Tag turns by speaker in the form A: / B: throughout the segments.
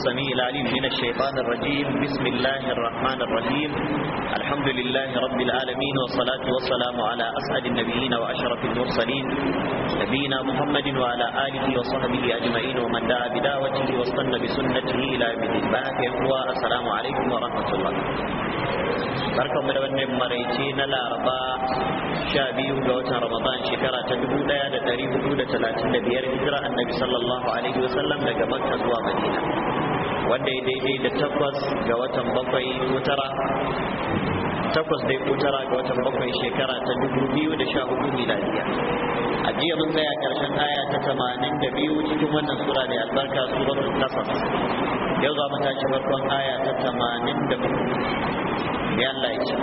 A: السميع العليم من الشيطان الرجيم بسم الله الرحمن الرحيم الحمد لله رب العالمين والصلاة والسلام على أسعد النبيين وأشرف المرسلين نبينا محمد وعلى آله وصحبه أجمعين ومن دعا بدعوته واستنى بسنته إلى يوم الدين السلام عليكم ورحمة الله barkan mu da wannan maraice na laraba sha biyu ga watan ramadan shekara ta dubu daya da dari hudu da talatin da biyar hijira annabi sallallahu alaihi wasallam daga makka zuwa madina wanda ya daidai da takwas ga watan bakwai kutara takwas dai kutara ga watan bakwai shekara ta dubu biyu da sha hudu miladiya a jiya mun tsaya karshen aya ta tamanin da biyu cikin wannan sura da albarka su kasas yau za mu tashi farkon aya ta tamanin da biyu ya Allah ya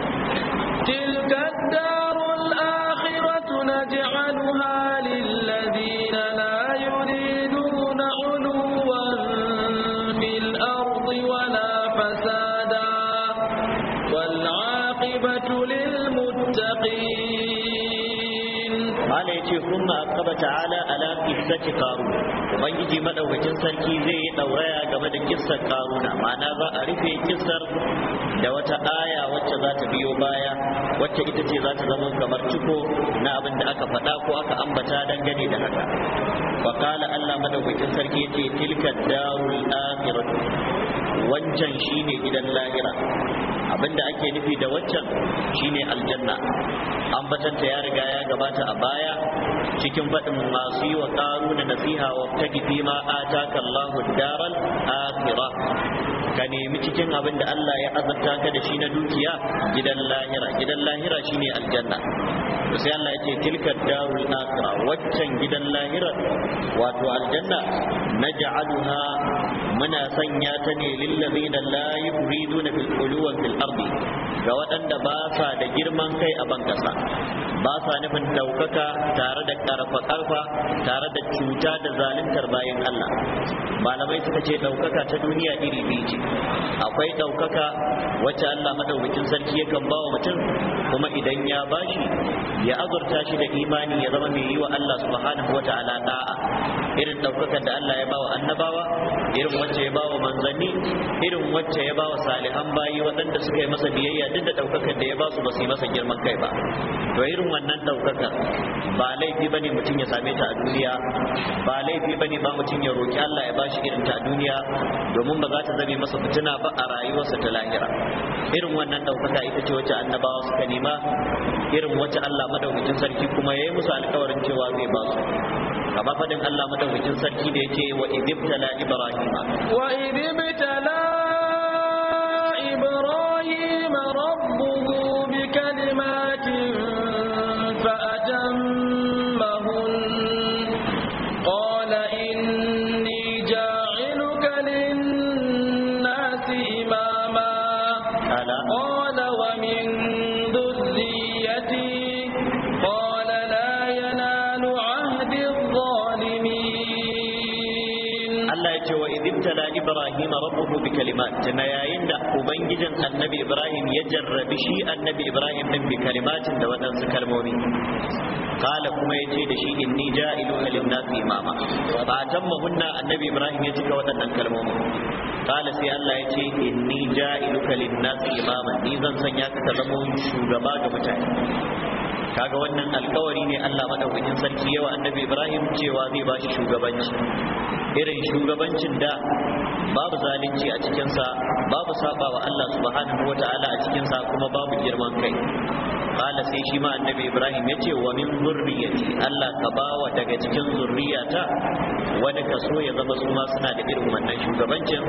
A: qissati qarun ubangiji madaukakin sarki zai yi dauraya game da kissar karuna ma'ana za a rufe kissar da wata aya wacce za ta biyo baya wacce ita ce za ta zama kamar ciko na abin da aka faɗa ko aka ambata dangane da haka wa qala Allah madaukakin sarki yace tilka darul akhirah wancan shine gidan lahira abinda ake nufi da waccan shine aljanna an ambatanta ya riga ya gabata a baya cikin faɗin masu yi wa ƙaruna nasiha wa tagi ma ataka Allahu daral akhira ka nemi cikin abin da Allah ya azanta ka da shi na dukiya gidan lahira gidan lahira shine aljanna to sai Allah yake tilka darul akhirah waccan gidan lahira wato aljanna naj'aluha muna sanya ta ne lil ladina la yuriduna fil quluwa fil ardi ga waɗanda ba sa da girman kai a bankasa ba sa nufin daukaka tare da karfa karfa tare da cuta da zaluntar bayan Allah malamai suka ce daukaka ta duniya iri biyu ce akwai daukaka wacce Allah madaukakin sarki yakan wa mutum kuma idan ya bashi ya azurta shi da imani ya zama mai yi wa Allah subhanahu wa ta'ala da'a irin daukakar da Allah ya ba wa annabawa irin wacce ya ba wa manzanni irin wacce ya ba wa salihan bayi waɗanda suka yi masa biyayya duk da daukakar da ya ba su ba su yi masa girman kai ba to irin wannan daukakar ba laifi bane mutum ya same ta a duniya ba laifi bane ba mutum ya roki Allah ya ba shi irin ta a duniya domin ba za ta zame masa fitina ba a rayuwarsa ta lahira irin wannan daukaka ita ce wacce annabawa suka nema irin wacce Allah madaukakin sarki kuma yayi musu alƙawarin cewa zai ba su kama fadin Allah madaukakin sarki da yake wa idibtala ibrahima wa
B: idibtala
A: rabbuhu bi kalimat tana yayin da ubangijin annabi ibrahim ya jarrabi shi annabi ibrahim din bi kalimatin da waɗansu kalmomi kala kuma ya ce da shi inni ja'iluka lin-nasi imama fa tammahunna annabi ibrahim ya cika waɗannan kalmomi kala sai Allah ya ce ni zan sanya ka shugaba ga mutane kaga wannan alkawari ne Allah madaukakin sarki yawa annabi Ibrahim cewa zai ba shi shugabanci irin shugabancin da babu zalunci a cikinsa babu saba wa Allah subhanahu wa ta'ala a cikinsa kuma babu girman kai Kala sai shi ma annabi ibrahim ce wa min zurriyati Allah ka bawa daga cikin zurriyata wani kaso ya zama su ma suna da irin wannan shugabancin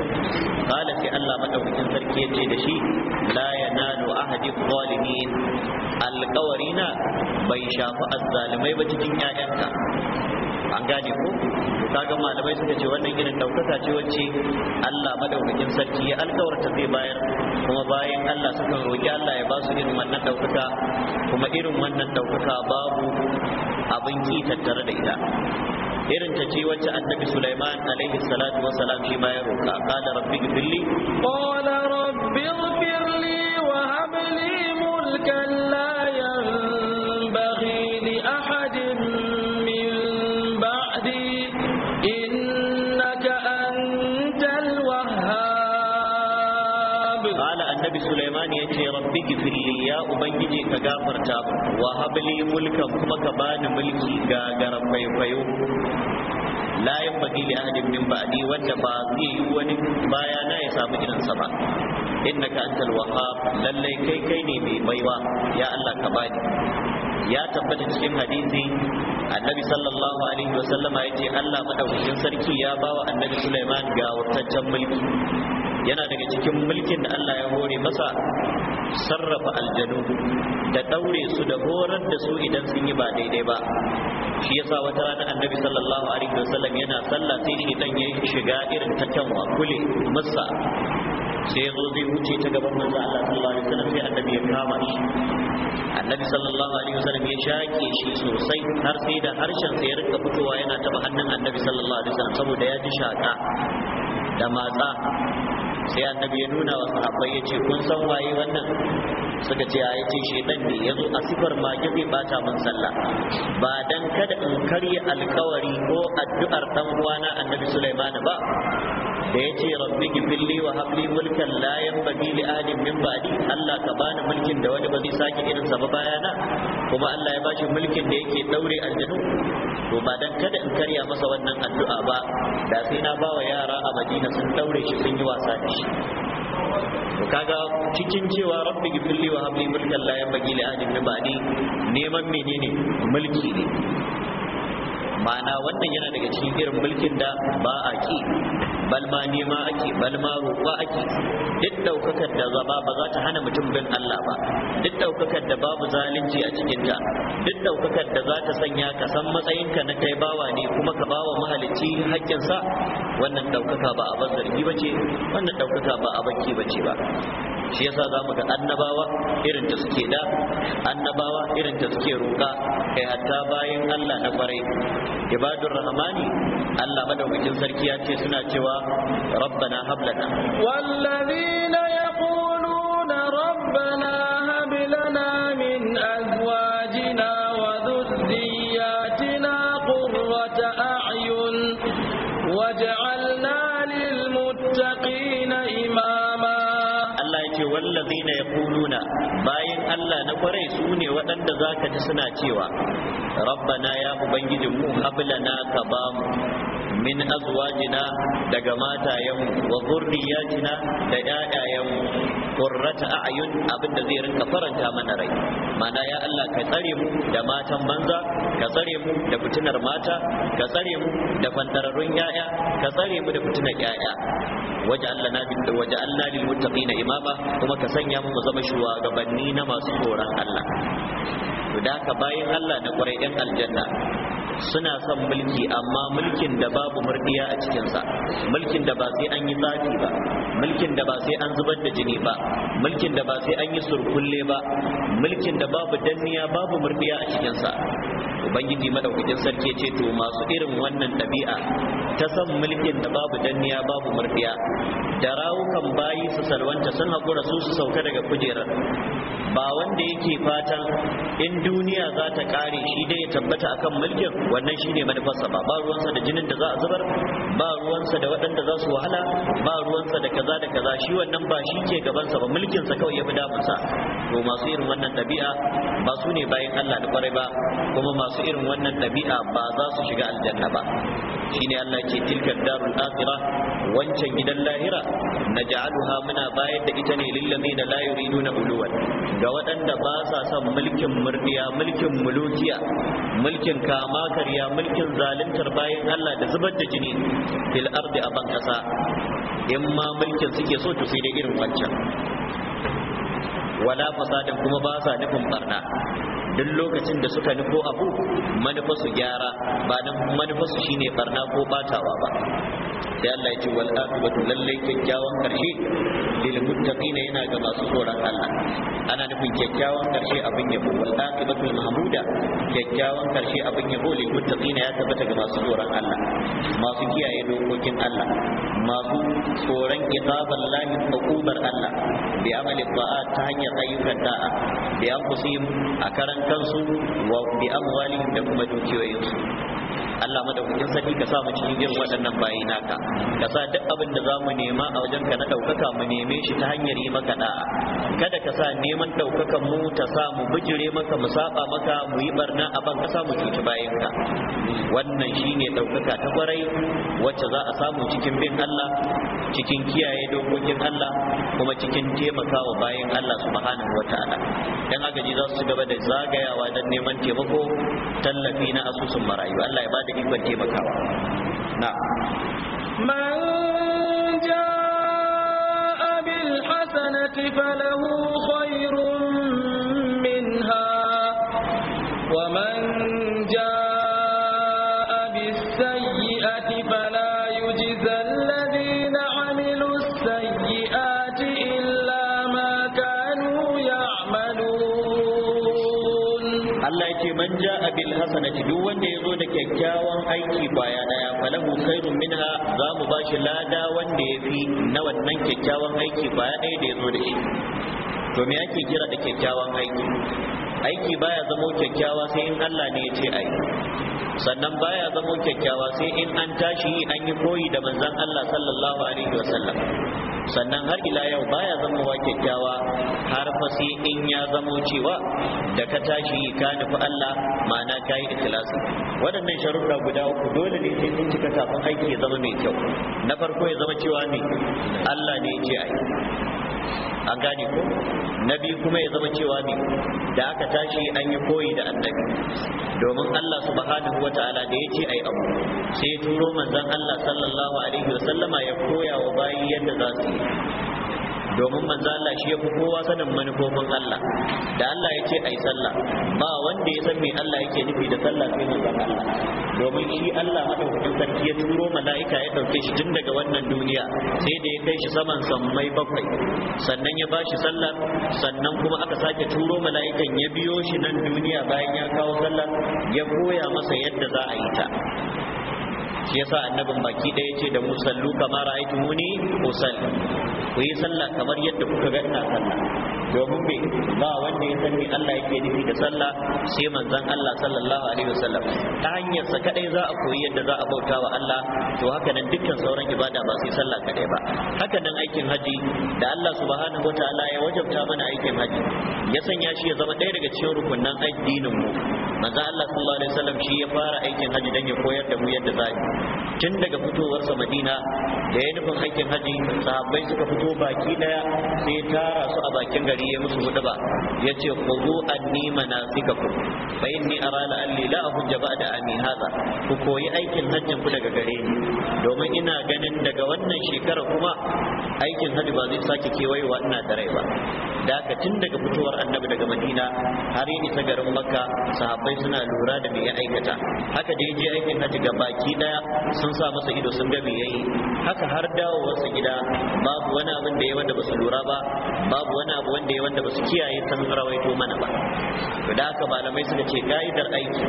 A: Kala sai Allah madaukakin sarki ce da shi la yanalu ahadi zalimin alqawarina bai shafi azzalimai ba cikin ƴaƴanka an gane ko kaga malamai suka ce wannan irin daukaka ce wacce Allah madaukakin sarki ya alkawarta zai bayar kuma bayan Allah suka roki Allah ya ba su irin wannan daukaka kuma irin wannan daukaka babu abin ki tattare da ita irin ta ce wacce annabi Sulaiman alaihi salatu wa salam shi ma ya roka qala rabbi ighfirli
B: qala rabbi ighfirli wa hab li mulkan la yanbaghi li ahadin
A: annabi sulaiman ya ce rabbi gifirli ya ubangiji ka gafarta wa habli mulkan kuma ka bani mulki ga garan kwaikwayo la yanbaghi li ahadin min ba'di wanda ba zai yi wani baya na ya samu irin sa ba innaka antal wahhab lalle kai kai ne mai baiwa ya Allah ka bani ya tabbata cikin hadisi annabi sallallahu alaihi wa sallama yace Allah madaukakin sarki ya bawa annabi Sulaiman ga wurtaccen mulki yana daga cikin mulkin da Allah ya hore masa sarrafa aljanu da daure su da horar da su idan sun yi ba daidai ba shi yasa wata rana annabi sallallahu alaihi wasallam yana sallah sai dan ya shiga irin ta kyanwa kule masa sai ya zo zai wuce ta gaban manzo Allah sallallahu alaihi wasallam sai annabi ya kama shi annabi sallallahu alaihi wasallam ya shake shi sosai har sai da harshen sa ya rinka fitowa yana taba hannun annabi sallallahu alaihi wasallam saboda ya ji shaka da matsa sai annabi ya nuna wa sahabbai yace ce kun san waye wannan suka ce a yace shedan ne yanzu a sifar mage zai bata mun sallah ba dan kada in karya alkawari ko addu'ar dan uwana annabi Sulaiman ba da ya ce rabbi gifilli wa habli mulkan layan bagi li ahadin min ba'di Allah ka bani mulkin da wani ba zai sake irin sa ba bayana kuma Allah ya bashi mulkin da yake daure aljanu to ba dan kada in karya masa wannan addu'a ba da sai na ba wa yara a Madina sun daure shi sun yi wasa da shi to kaga cikin cewa rabbi gifilli wa habli mulkan layan bagi li ahadin min ba'di neman menene mulki ne ma'ana wannan yana daga cikin irin mulkin da ba a ki bal ma nema ake bal ma ake duk daukakar da zaba ba za ta hana mutum bin Allah ba duk daukakar da babu zalunci a cikin ta duk daukakar da za ta sanya ka san matsayinka na kai bawa ne kuma ka bawa mahalicci haƙƙinsa wannan ɗaukaka ba a bazargi bace wannan ɗaukaka ba a bakki bace ba shi yasa za mu ga annabawa irin ta suke da annabawa irin ta suke roƙa kai hatta bayan Allah na kwarai ibadur rahmani Allah madaukakin sarki ya ce suna cewa rabbana hablana
B: wallazina yaquluna rabbana
A: za ka ji suna cewa rabbana ya mu, hablana ka ba mu min azwajina daga matayenmu wa zurriyatina da ƴaƴayenmu a a'yun abinda zai rinka faranta mana rai mana ya Allah ka tsare mu da matan banza ka tsare mu da fitinar mata ka tsare mu da fantararrun yaya ka tsare mu da fitinar yaya waja'alna waja'alna lil muttaqina imama kuma ka sanya mu mu zama shugabanni na masu tsoron Allah to da ka bayin Allah na kwarai ɗan aljanna suna son mulki amma mulkin da babu murdiya a cikinsa mulkin da ba sai an yi tsafi ba mulkin da ba sai an zubar da jini ba mulkin da ba sai an yi surkulle ba mulkin da babu danniya babu murdiya a cikinsa ubangiji madaukakin sarki ce to masu irin wannan ɗabi'a ta san mulkin da babu danniya babu murfiya da rawukan bayi su salwanta sun haƙura su su sauka daga kujerar ba wanda yake fatan in duniya za ta ƙare shi dai ya tabbata akan mulkin wannan shine manufarsa ba ba ruwansa da jinin da za a zubar ba ruwansa da waɗanda za su wahala ba ruwansa da kaza da kaza shi wannan ba shi ke gabansa ba mulkinsa kawai ya fi damunsa to masu irin wannan ɗabi'a ba su ne bayan Allah da kwarai ba kuma masu irin wannan ɗabi'a ba za su shiga aljanna ba shine Allah ce tilka darul akhirah wancan gidan lahira naj'aluha muna bayar da ita ne lil da layuri nuna uluwan ga waɗanda ba sa son mulkin murdiya mulkin mulukiya mulkin kama karya mulkin zaluntar bayan Allah da zubar da jini fil ardi aban kasa in ma mulkin suke so to sai dai irin wancan wala fasadin kuma ba sa nufin barna duk lokacin da suka nufo abu manufa gyara ba manufa su shine barna ko batawa ba sai Allah ya ce wal akibatu lallai kyakkyawan karshe lil muttaqina yana ga masu tsoron Allah ana nufin kyakkyawan karshe abin yabo wal akibatu mahmuda kyakkyawan karshe abin yabo lil muttaqina ya tabbata ga masu tsoron Allah masu kiyaye dokokin Allah masu tsoron iqaban lahi hukumar Allah bi amali ta'at ta hanyar ayyukan da'a bi anfusihim a karan kansu wa bi amwalihim da kuma dukiyoyinsu Allah madaukakin sarki ka sa mu cikin irin waɗannan bayi naka ka sa duk abin da zamu nema a wajen ka na ɗaukaka mu neme shi ta hanyar yi maka da'a kada ka sa neman daukakan mu ta sa mu bijire maka mu saba maka mu yi barna a ban ka sa mu cuci bayin ka wannan shine ɗaukaka ta kwarai wacce za a samu cikin bin Allah cikin kiyaye dokokin Allah kuma cikin taimakawa bayan Allah subhanahu wataala dan agaji za su gaba da zagayawa dan neman taimako tallafi na asusun marayu Allah ya bada da ikon taimakawa na
B: man jaa bil hasanati falahu
A: kyakkyawan aiki baya daya falahu khairun minha za mu bashi lada wanda ya fi na wannan kyakkyawan aiki baya daya da ya zo da shi to me ake kira da kyakkyawan aiki aiki baya zamo kyakkyawa sai in Allah ne ya ce ai sannan baya zamo kyakkyawa sai in an tashi an yi koyi da manzon Allah sallallahu alaihi wasallam sannan har ila yau baya zama wa kyakkyawa har fa sai in ya zamo cewa da ka tashi ka nufi Allah ma'ana ka yi ikhlasi waɗannan sharuɗa guda uku dole ne sai sun cika kafin aiki ya zama mai kyau na farko ya zama cewa ne Allah ne ya ce ai an gane ko na biyu kuma ya zama cewa ne da aka tashi an yi koyi da annabi domin Allah subhanahu wata'ala da ya ce ai abu sai ya turo manzon Allah sallallahu alaihi wasallama ya koya wa bayi yadda za su yi domin manzo Allah shi fi kowa sanin manufofin Allah da Allah ya ce ai sallah ba wanda ya san me Allah yake nufi da sallah sai manzo Allah domin shi Allah madaukakin sarki ya turo mala'ika ya dauke shi tun daga wannan duniya sai da ya kai shi saman sammai bakwai sannan ya bashi sallah sannan kuma aka sake turo mala'ikan ya biyo shi nan duniya bayan ya kawo sallah ya koya masa yadda za a yi ta shi yasa annabin baki ɗaya ce da musallu kamar ra'aytumuni usalli ku yi sallah kamar yadda kuka ga ina sallah domin bai ba wanda ya san me Allah yake nufi da sallah sai manzon Allah sallallahu alaihi wasallam ta hanyar sa kadai za a koyi yadda za a bauta wa Allah to haka nan dukkan sauran ibada ba sai sallah kadai ba haka nan aikin haji da Allah subhanahu wataala ya wajabta mana aikin haji ya sanya shi ya zama ɗaya daga cikin rukunnan addinin mu manzon Allah sallallahu alaihi wasallam shi ya fara aikin haji dan ya koyar da mu yadda za tun daga fitowar sa Madina da ya nufin aikin haji sahabbai suka fito baki daya sai tara su a bakin gari gari ya musu hudu ba ya ce ku zo anni manasika ku fa inni ara la alli la ahujja ba'da ami haza ku koyi aikin hajjin ku daga gare ni domin ina ganin daga wannan shekara kuma aikin hajji ba zai sake kewayewa ina da rai ba da tun daga fitowar annabi daga madina har yi isa garin makka sahabbai suna lura da me ya aikata haka da ya je aikin hajji ga baki daya sun sa masa ido sun ga me yayi haka har dawowarsa gida babu wani abin da ya wanda ba su lura ba babu wani abu wanda ne wanda ba su kiyaye san rawaito mana ba to da haka malamai suka ce ga'idar aiki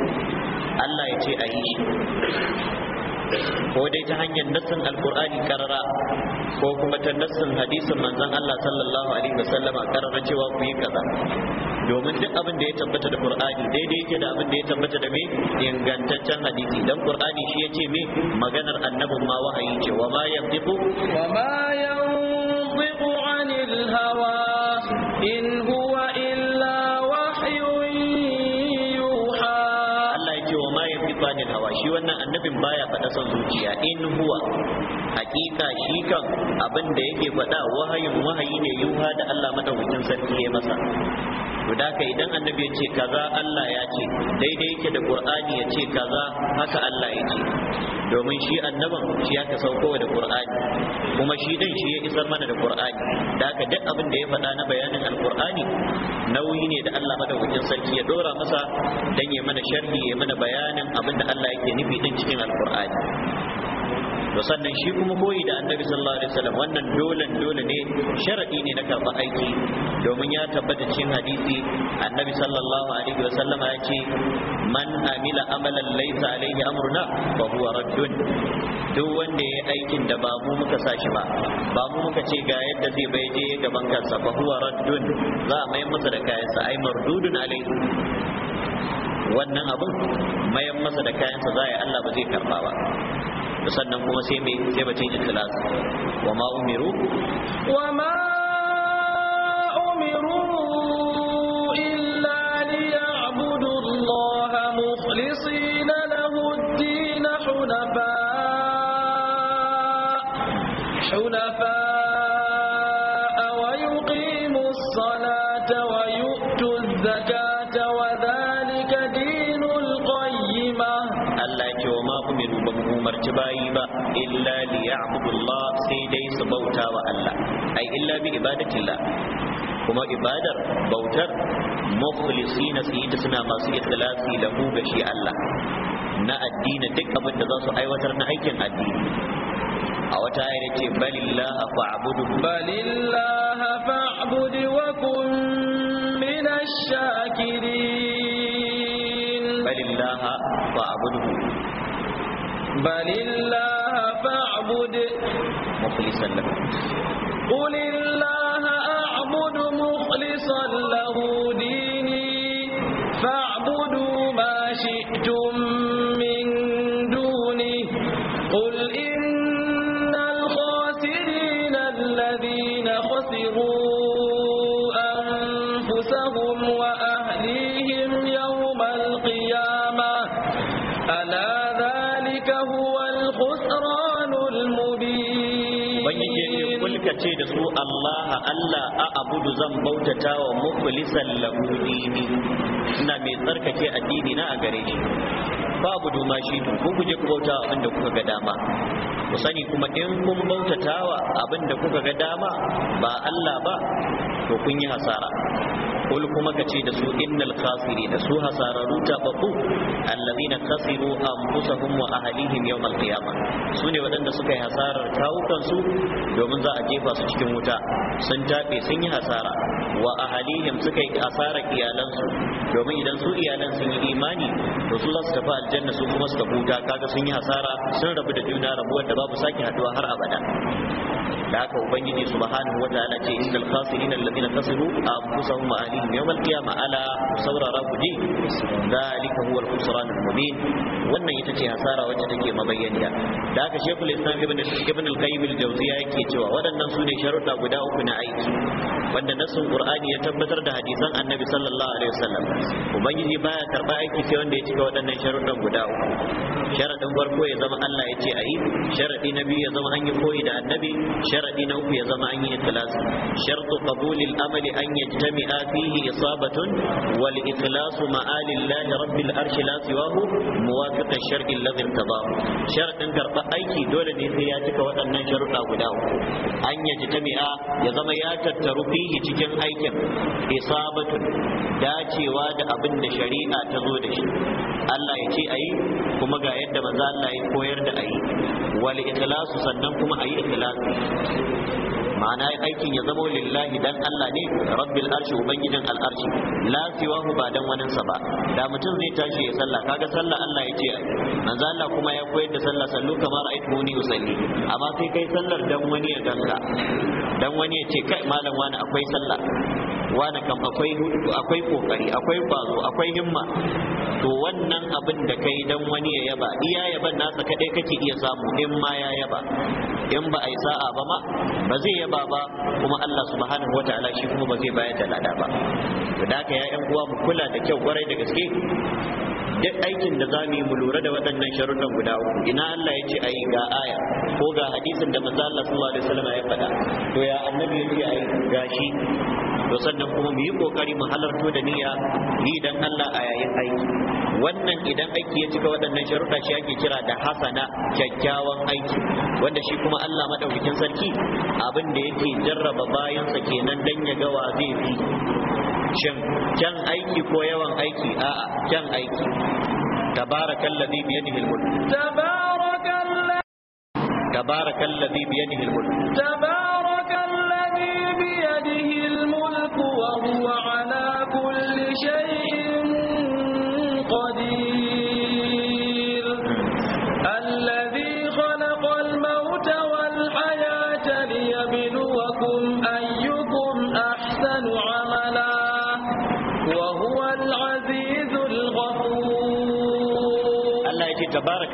A: Allah ya ce a yi shi ko dai ta hanyar nassin alkur'ani karara ko kuma ta nassin hadisin manzon Allah sallallahu alaihi wasallama karara cewa ku yi kaza domin duk abin da ya tabbata da qur'ani daidai yake da abin da ya tabbata da me ingantaccen hadisi dan qur'ani shi yace me maganar annabin ma wahayi ce wa ma yantiqu wa ma
B: yantiqu anil hawa in huwa illa
A: shi wannan annabin baya faɗa son zuciya in huwa hakika shi kan abin da yake faɗa wahayin wahayi ne yuha da Allah madaukakin sarki ya masa to ka idan annabi ya ce kaza Allah ya ce daidai yake da Qur'ani ya ce kaza haka Allah ya ce domin shi annaban shi ya sauko da Qur'ani kuma shi din shi ya isar mana da Qur'ani da ka duk abin da ya faɗa na bayanin al nauyi ne da Allah madaukakin sarki ya dora masa dan ya mana sharhi ya mana bayanin abin da Allah yake nufi din cikin al to sannan shi kuma koyi da annabi sallallahu alaihi wasallam wannan dolan dole ne sharadi ne na karɓar aiki domin ya tabbata cikin hadisi annabi sallallahu alaihi wasallama ya ce man amila amalan laysa alaihi amruna fa huwa raddun duk wanda ya aikin da ba mu muka sashi ba ba mu muka ce ga yadda zai bai je gaban kansa fa huwa raddun za a mai masa da kayansa ai mardudun alaihi wannan abun mayan masa da kayansa za a yi Allah ba zai karba ba sannan kuma sai mai sai batun ikhlas wa ma umiru
B: wa ma umiru illa li ya'budu Allah mukhlisina lahu ad-din hunafa hunafa
A: bauta wa Allah ai illa bi ibadatillah kuma ibadar bautar mukhlisina su yi ta suna masu ikhlasi lahu ga shi Allah na addini duk abin da za su aiwatar na aikin addini a wata ayar ce balillaha fa'budu balillaha
B: fa'budu wa kun minash
A: shakirin balillaha fa'budu balillaha فاعبد مخلصا له
B: قل الله أعبد مخلصا له دين
A: Allah Allah a abudu zan bautata wa mukulisan lahu dini ina mai tsarkake addini na a gare shi babu duma shi to ku guje ku bauta abinda kuka ga dama ku sani kuma in kun wa abinda kuka ga dama ba Allah ba to kun yi hasara kul kuma ka ce da su innal da su hasararu tababbu allazina khasiru anfusahum wa ahlihim yawm alqiyama su ne waɗanda suka yi hasarar tawukan su domin za a jefa su cikin wuta sun tabe sun yi hasara wa ahlihim suka yi hasarar iyalansu domin idan su iyalan sun yi imani to su za su tafi aljanna su kuma suka huta kaga sun yi hasara sun rabu da juna rabuwar da babu sake haduwa har abada da haka ubangiji subhanahu wa ta'ala ce innal khasirin alladhina khasiru anfusahum wa ahlihim yawm al-qiyamah ala saurara ku ji zalika huwa al-khusran al-mubin wannan ita ce hasara wacce take mabayyaniya da haka shaykhul islam ibn ibn al-qayyim al-jawziya yake cewa waɗannan su ne sharuɗa guda uku na aiki wanda nassun qur'ani ya tabbatar da hadisan annabi sallallahu alaihi wasallam ubangiji baya karba aiki sai wanda ya cika waɗannan sharuɗan guda uku sharadin farko ya zama Allah ya ce ayi sharadi na biyu ya zama an yi koyi da annabi sharadi na uku ya zama an yi ikhlas shartu qabuli al-amal an yajtami'a fihi isabatun wal ikhlas ma'ali rabbil arsh la siwahu muwafiq ash alladhi sharadin karba aiki dole ne sai ya cika waɗannan sharuɗa guda an yajtami'a ya zama ya tattaru fihi cikin aikin isabatun dacewa da abin da shari'a ta zo da shi Allah ya ce ayi kuma ga yadda manzo Allah ya koyar da ayi wal ikhlasu sannan kuma ayi ikhlasi ma'ana aikin ya zama lillahi dan Allah ne rabbil arshi ubangijin al'arshi la siwahu ba dan wani sa ba da mutum zai tashi ya sallah kaga sallah Allah ya ce manzo Allah kuma ya koyar da sallah sallu kamar aitumuni usalli amma sai kai sallar dan wani ya danka dan wani ya ce kai malam wani akwai sallah wani kam akwai akwai kokari akwai kwazo akwai himma to wannan abin da kai dan wani ya yaba iya yaban nasa kadai kake iya samu in ma ya yaba in ba a yi sa'a ba ma ba zai yaba ba kuma Allah subhanahu wataala shi kuma ba zai bayar da lada ba to da haka ya yan uwa mu kula da kyau kwarai da gaske duk aikin da za mu yi mu lura da waɗannan sharuɗan guda uku ina Allah ya ce a yi ga aya ko ga hadisin da manzo Allah sallallahu alaihi wasallam ya faɗa to ya annabi ya ce a yi gashi to sannan kuma mu yi kokari mu halarto da niyya ni dan Allah a yayin aiki wannan idan aiki ya cika waɗannan sharuɗa shi ake kira da hasana kyakkyawan aiki wanda shi kuma Allah madaukakin sarki abin da yake jarraba bayansa kenan dan ya ga wa zai fi shin kyan aiki ko yawan aiki a'a kyan aiki tabarakallazi biyadihi almulk
B: tabarakallazi
A: tabarakallazi biyadihi
B: almulk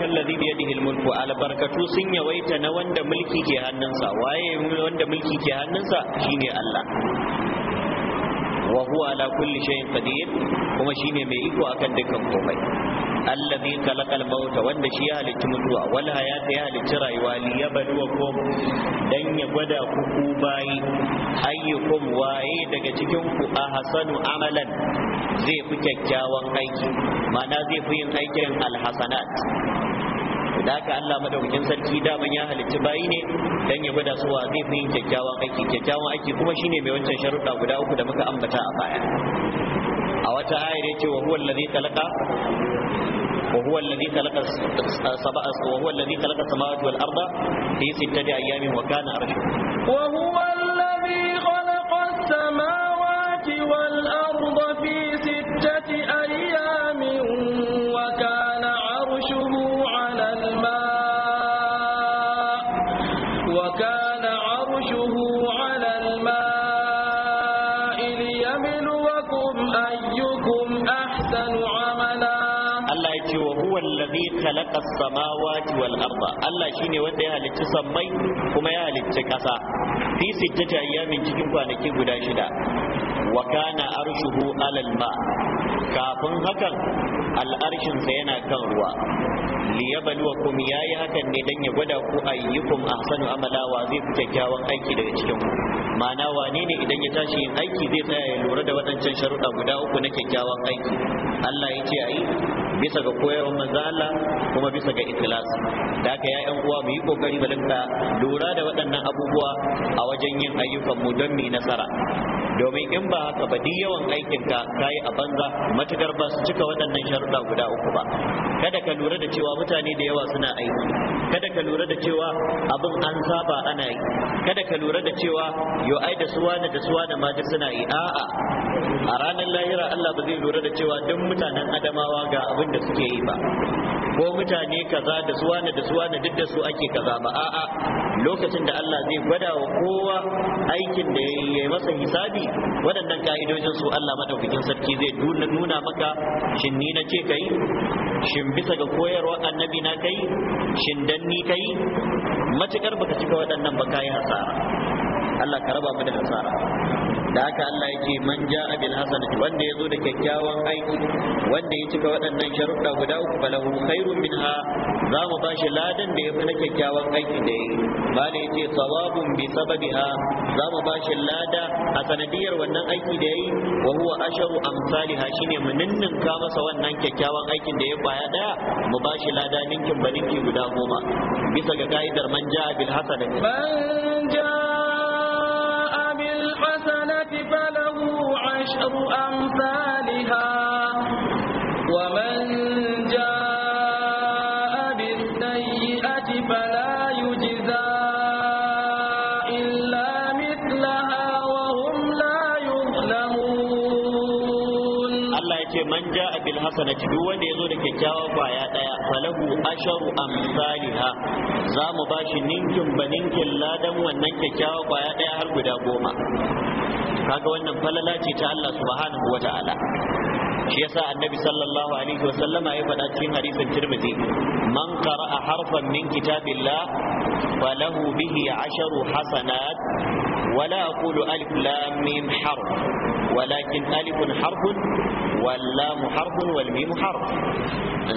A: alladhi bi yadihi almulku albarkatu sun yawaita na wanda mulki ke hannunsa waye wanda mulki ke hannunsa shine Allah wa huwa ala kulli shay'in qadir kuma shine mai iko akan dukkan komai allazi khalaqal mauta wanda shi ya halicci mutuwa wal hayata ya halicci rayuwa li yabluwakum dan ya gwada ku ku bayi ayyukum waye daga cikin ku ahsanu amalan zai fi kyakkyawan aiki ma'ana zai fi yin aikin alhasanat da haka Allah madaukakin sarki daman ya halicci bayi ne dan ya gwada su wa zai fi yin kyakkyawan aiki kyakkyawan aiki kuma shine mai wancan sharuɗa guda uku da muka ambata a baya a wata ayar yake wa huwa allazi khalaqa وهو الذي خلق سبع وهو الذي خلق السماوات والارض في سته ايام وكان عرشه وهو shine wanda ya halicci sammai kuma ya halicci ƙasa fi sittati ayyamin cikin kwanaki guda shida wa kana arshuhu alal ma kafin hakan al'arshinsa yana kan ruwa ya yayi hakan ne dan ya gwada ku ayyukum ahsanu amala wa zai fi kyakkyawan aiki daga cikin ku ma'ana wane ne idan ya tashi yin aiki zai tsaya ya lura da waɗancan sharuɗa guda uku na kyakkyawan aiki Allah ya ce ayi bisa ga koyarwar manzo Allah kuma bisa ga ikhlas da haka ya ƴan uwa mu yi kokari mu lura da waɗannan abubuwa a wajen yin ayyukan mu don mu nasara domin in ba haka ba duk yawan aikin ka kayi a banza matukar ba su cika waɗannan sharuɗa guda uku ba kada ka lura da cewa mutane da yawa suna aiki kada ka lura da cewa abin an saba ana yi kada ka lura da cewa yo ai da suwa da suwa da ma suna yi a'a a ranar lahira Allah ba zai lura da cewa duk mutanen adamawa ga abin da suke yi ba ko mutane kaza da suwa da suwa duk da su ake kaza ba a'a lokacin da Allah zai gwada wa kowa aikin da ya masa hisabi waɗannan ka'idojin su Allah madaukakin sarki zai nuna maka shin ni na ce kai shin bisa ga koyarwa annabi na kai shin dan ni kai matukar baka cika waɗannan ba kai hasara Allah ka raba mu da hasara da haka Allah yake man ja'a bil hasanati wanda ya zo da kyakkyawan aiki wanda ya cika waɗannan sharuɗa guda uku falahu khairun minha za mu shi ladan da ya fi na kyakkyawan aiki da yayi bala yace sawabun bi sababiha za mu shi lada a sanadiyar wannan aiki da yayi wa huwa asharu amsalha shine mu ninninka masa wannan kyakkyawan aikin da ya baya daya mu bashi lada ninkin baninki guda goma bisa ga ka'idar man ja'a bil
B: man الحسنة فله عشر أمثالها ومن جاء بالسيئة فلا يجزى إلا مثلها وهم لا يظلمون
A: الله يتي من جاء بالحسنة دوان يزور كتاوة فايا falahu asharu amsalha za mu bashi ninkin ba ninkin ladan wannan kyakkyawa kwaya guda goma kaga wannan falala ce ta Allah subhanahu wa ta'ala shi yasa annabi sallallahu alaihi wa sallama ya faɗa cikin hadisin tirmidhi man qara'a harfan min kitabillah falahu bihi asharu hasanat ولا أقول ألف لام ميم حرف ولكن ألف حرف واللام حرف والميم حرف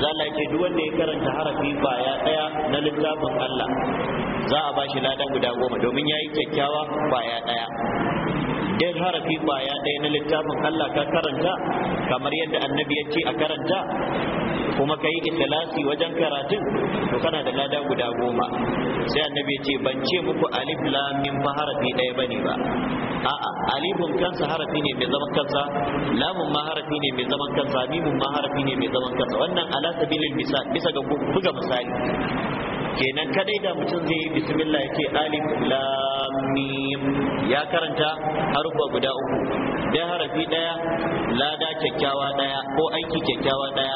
A: zala ce duk wanda ya karanta harafi kwaya na littafin Allah za a bashi lada guda goma domin ya yi kyakkyawa kwaya daya dai harafi kwaya daya na littafin Allah ka karanta kamar yadda annabi ya ce a karanta kuma ka yi ikhlasi wajen karatun to kana da lada guda goma sai annabi ya ce ban ce muku alif lam mim fa harafi ɗaya bane ba a'a alifun kansa harafi ne mai zaman kansa lamun ma harafi ne mai zaman kansa mimun ma harafi ne mai zaman kansa wannan ala sabilin misal bisa ga buga misali kenan kadai da mutum zai yi bismillah yake alif lam mim ya karanta harufa guda uku da harafi daya lada kyakkyawa daya ko aiki kyakkyawa daya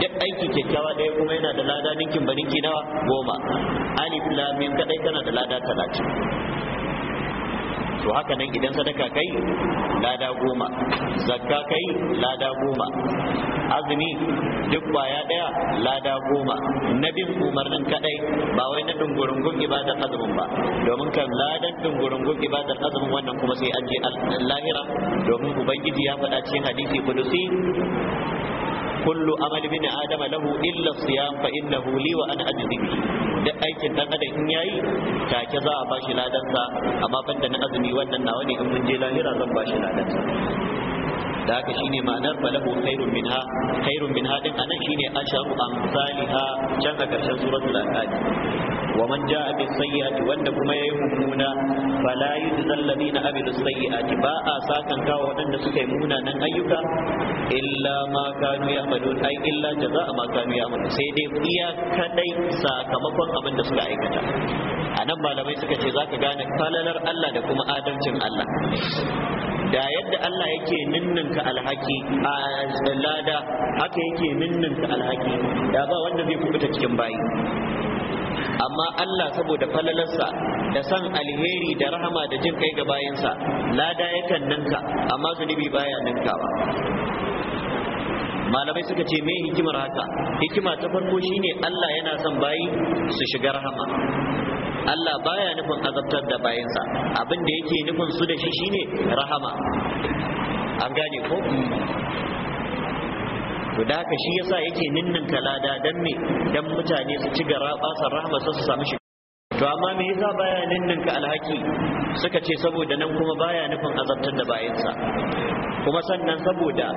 A: duk aiki kyakkyawa daya kuma yana da lada ninkin ba ninki nawa goma alif lam mim kadai kana da lada talatin to haka nan idan sadaka kai lada goma zakka kai lada goma azumi duk baya daya lada goma na bin umarnin kadai ba wai na dungurungun ibadar azumin ba domin kan ladan dungurungun ibadar azumin wannan kuma sai an je lahira domin ubangiji ya faɗa cikin hadisi kudusi kullu amal bin adama lahu illa siyam fa innahu li wa ana ajzi duk aikin dan adam in yayi take za a bashi ladansa amma banda na azumi wannan nawa ne in mun je lahira zan bashi sa da haka shine ma'anar falahu khairun minha khairun minha din anan shine asharu amsalha can a karshen suratul anfal wa Manja jaa bi wanda kuma yayi mummuna fala yujzal ladina amilu sayyi'ati ba a sakan kawo wadanda suka yi munanan ayyuka illa ma kanu ya'malun ai illa jaza'a ma kanu ya'malun sai dai iya kadai sakamakon abin da suka aikata anan malamai suka ce zaka gane falalar Allah da kuma adalcin Allah da yadda Allah yake ninninka alhaki a lada haka yake ninninka alhaki da ba wanda zai kubuta cikin bayi amma Allah saboda falalarsa da san alheri da rahama da jin kai ga bayansa lada yakan ninka amma zunubi baya ninkawa malamai suka ce me hikimar haka hikima ta farko shine Allah yana son bayi su shiga rahama Allah baya nufin azabtar da bayansa abin da yake nufin su da shi shine rahama an gane ko to da haka shi yasa yake ninnin kalada dan me dan mutane su ci gara basar rahama su samu shi to amma me yasa baya ninnin ka alhaki suka ce saboda nan kuma baya nufin azabtar da sa kuma sannan saboda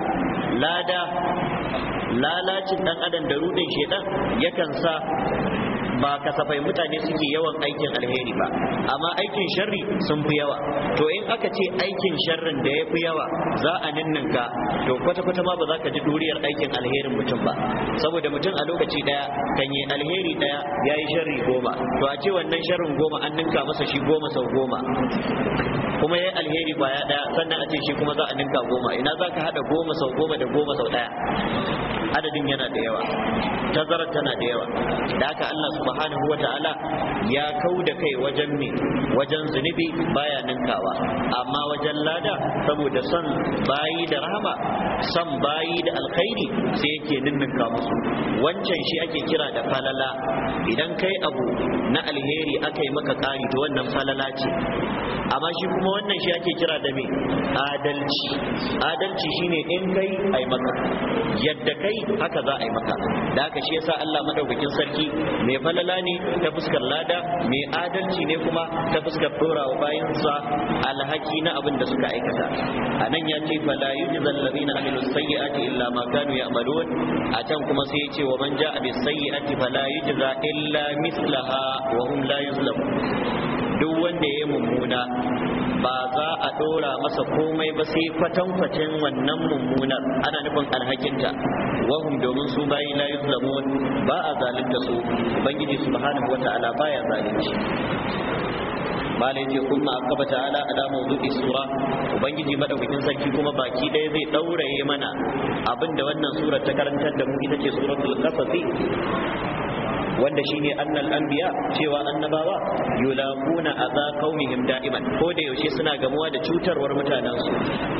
A: lada lalacin dan adam da rudin shedan yakan sa ba kasafai mutane suke yawan aikin alheri ba amma aikin sharri sun fi yawa to in aka ce aikin sharrin da ya fi yawa za a ninninka to kwata-kwata ma ba za ka ji duriyar aikin alherin mutum ba saboda mutum a lokaci daya kan yi alheri daya ya yi sharri goma to a ce wannan sharrin goma an ninka masa shi goma sau goma kuma ya yi alheri kwaya daya sannan a ce shi kuma za a ninka goma ina za ka haɗa goma sau goma da goma sau daya adadin yana da yawa tazarar tana da yawa da haka Allah subhanahu wa ta'ala ya kau da kai wajen me wajen zunubi baya ninkawa amma wajen lada saboda son bayi da rahama son bayi da alkhairi sai yake ninninka musu wancan shi ake kira da falala idan kai abu na alheri aka yi maka kari to wannan falala ce amma shi kuma wannan shi ake kira da me adalci adalci shine in kai ai maka yadda kai haka za a yi maka da haka shi yasa Allah madaukakin sarki mai falala ne ta fuskar lada mai adalci ne kuma ta fuskar dorawa bayan sa alhaki na abin da suka aikata a nan ya ce fala yujzal ladina amilu sayyi'ati illa ma kanu ya'malun a can kuma sai ya ce wa man ja'a bis sayyi'ati fala yujza illa mislaha wa hum la yuzlamun duk wanda ya mummuna ba za a dora masa komai ba sai kwatankwacin wannan mummunar ana nufin alhakinta wahum domin su bayi la yuzlamun ba a zalunta su ubangiji subhanahu wata'ala baya zalunci malai kuma akaba bata ala mawdu sura ubangiji madaukakin sarki kuma baki ɗaya zai ɗauraye mana abinda wannan sura ta karantar da mu ita ce suratul qasas wanda shine annal anbiya cewa annabawa yulaquna adha qaumihim da'iman ko da yaushe suna gamuwa da cutarwar mutanen su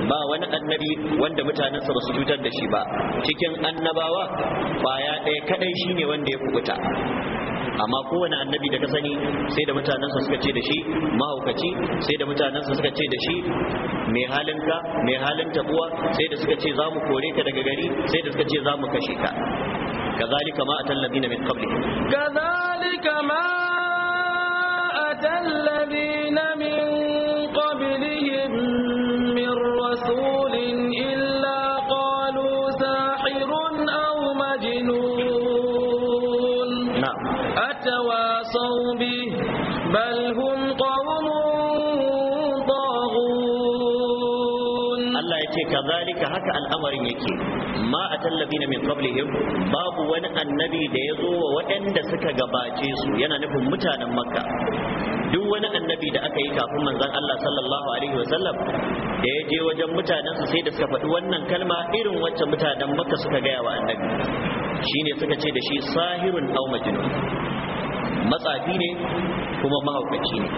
A: ba wani annabi wanda mutanen sa basu cutar da shi ba cikin annabawa baya ɗaya kadai shine wanda ya kubuta amma kowane annabi da ka sani sai da mutanensa suka ce da shi mahaukaci sai da mutanensa suka ce da shi mai halin ka mai halin tabuwa sai da suka ce za mu kore ka daga gari sai da suka ce za mu kashe ka كذلك ما أتى الذين من قبلهم كذلك
B: ما أتى الذين من قبلهم من رسول إلا قالوا ساحر أو مجنون نعم أتواصوا به بل هم قوم
A: طاغون الله يتيك كذلك هكا الأمر يكي atal ladina min qablihim babu wani annabi da ya zo wa waɗanda suka gabace su yana nufin mutanen makka duk wani annabi da aka yi kafin manzon Allah sallallahu alaihi da ya je wajen mutanen su sai da suka faɗi wannan kalma irin wacce mutanen makka suka gaya wa annabi shine suka ce da shi sahirun aw majnun matsafi ne kuma mahaukaci ne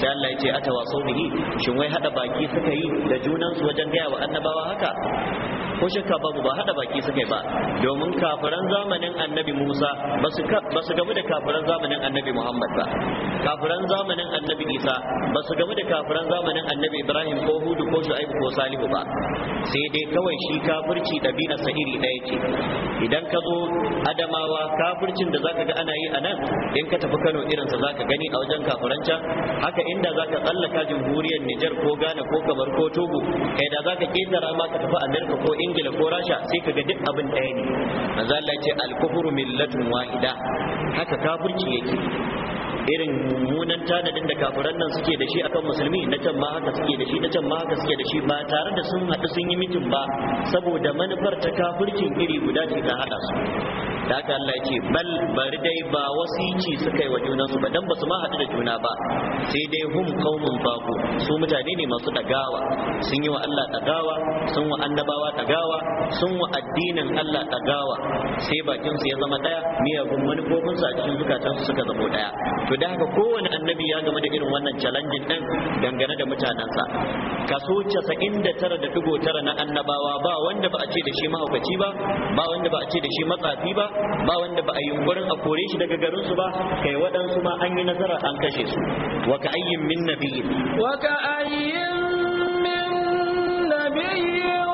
A: sai Allah ya ce atawa sau bihi shin wai hada baki suka yi da junansu wajen gaya wa annabawa haka ko shakka babu ba hada baki suka yi ba domin kafiran zamanin annabi Musa ba su gamu da kafiran zamanin annabi Muhammad ba kafiran zamanin annabi Isa ba su gamu da kafiran zamanin annabi Ibrahim ko Hudu ko Shu'aibu ko Salihu ba sai dai kawai shi kafirci dabina sa iri ɗaya ce idan ka zo Adamawa kafircin da zaka ga ana yi a nan in ka tafi Kano irin sa zaka gani a wajen kafiran can haka inda zaka tsallaka jamhuriyar Nijar ko Ghana ko Kamar ko Togo kai da zaka kidara ma ka tafi Amerika ko Ingila ingila ko rasha sai ka ga duk abin ɗaya ne manzo Allah ce al-kufru millatun wahida haka kafirci yake irin mummunan tanadin da kafiran nan suke da shi akan musulmi na can ma haka suke da shi na can ma haka suke da shi ba tare da sun haɗu sun yi mitin ba saboda manufar ta kafircin iri guda ce ta haɗa su da haka Allah ya ce bal bari dai ba wasici suka yi wa junansu ba dan ba su ma haɗu da juna ba sai dai hum qaumun baqu su mutane ne masu dagawa sun yi wa Allah dagawa sun wa annabawa dagawa sun wa addinin Allah dagawa sai bakin su ya zama daya miyagun manufofin su a cikin zukatan su suka zama daya to da haka kowane annabi ya game da irin wannan challenging din dangane da da kaso 99.9 na annabawa ba wanda ba a ce da shi mahaukaci ba ba wanda ba a ce da shi matsafi ba ba wanda ba a yunkurin a kore shi daga garin su ba kai waɗansu ma an yi nasara an kashe su wa ka ayyin min nabiyyin wa ka
B: ayyin min nabiyyin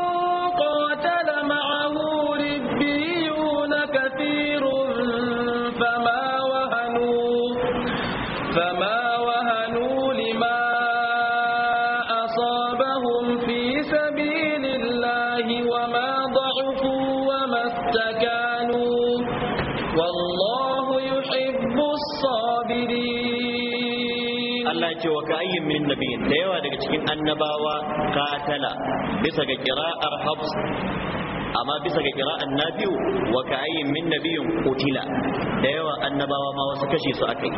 A: annabawa katala bisa ga kira'ar hafs amma bisa ga kira'an nabiyu wa ka'ayyin min nabiyin kutila da yawa annabawa ma wasu kashe su akai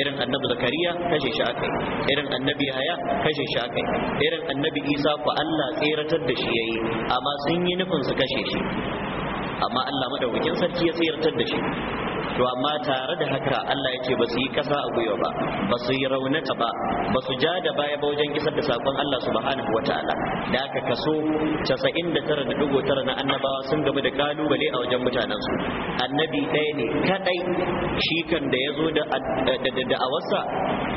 A: irin annabi zakariya kashe shi akai irin annabi haya kashe shi akai irin annabi isa ku allah tseratar da shi ya yayi amma sun yi nufin su kashe shi amma allah madaukakin sarki ya tseratar da shi to amma tare da haka Allah ya ce ba su yi kasa a gwiwa ba ba su yi raunata ba ba su ja da baya ba wajen isar da sakon Allah subhanahu wataala da aka kaso 99.9 na annabawa sun gaba da kalubale a wajen mutanen su annabi ɗaya ne kadai shi kan da ya zo da da'awarsa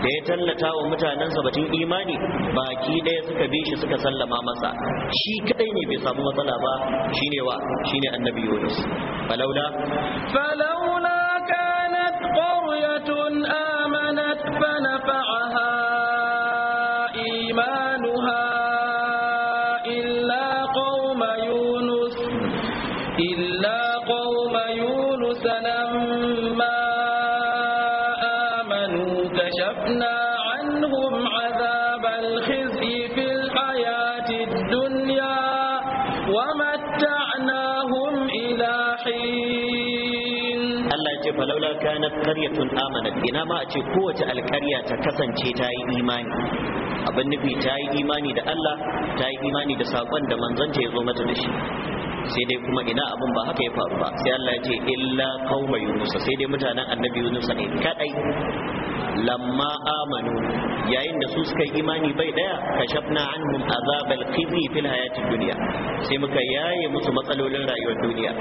A: da ya tallata wa mutanensa batun imani baki ɗaya suka bi shi suka sallama masa shi kadai ne bai samu matsala ba shine wa shine annabi Yunus falaula qaryatun amanat ina ma a ce kowace alƙarya ta kasance ta yi imani abin nufi ta yi imani da Allah ta yi imani da sakon da manzanta ya zo mata da shi sai dai kuma ina abin ba haka ya faru ba sai Allah ya ce illa qauma yunus sai dai mutanen annabi yunus ne kadai lamma amanu yayin da su suka yi imani bai daya kashafna anhum azabal khizi fil hayatid dunya sai muka yaye musu matsalolin rayuwar duniya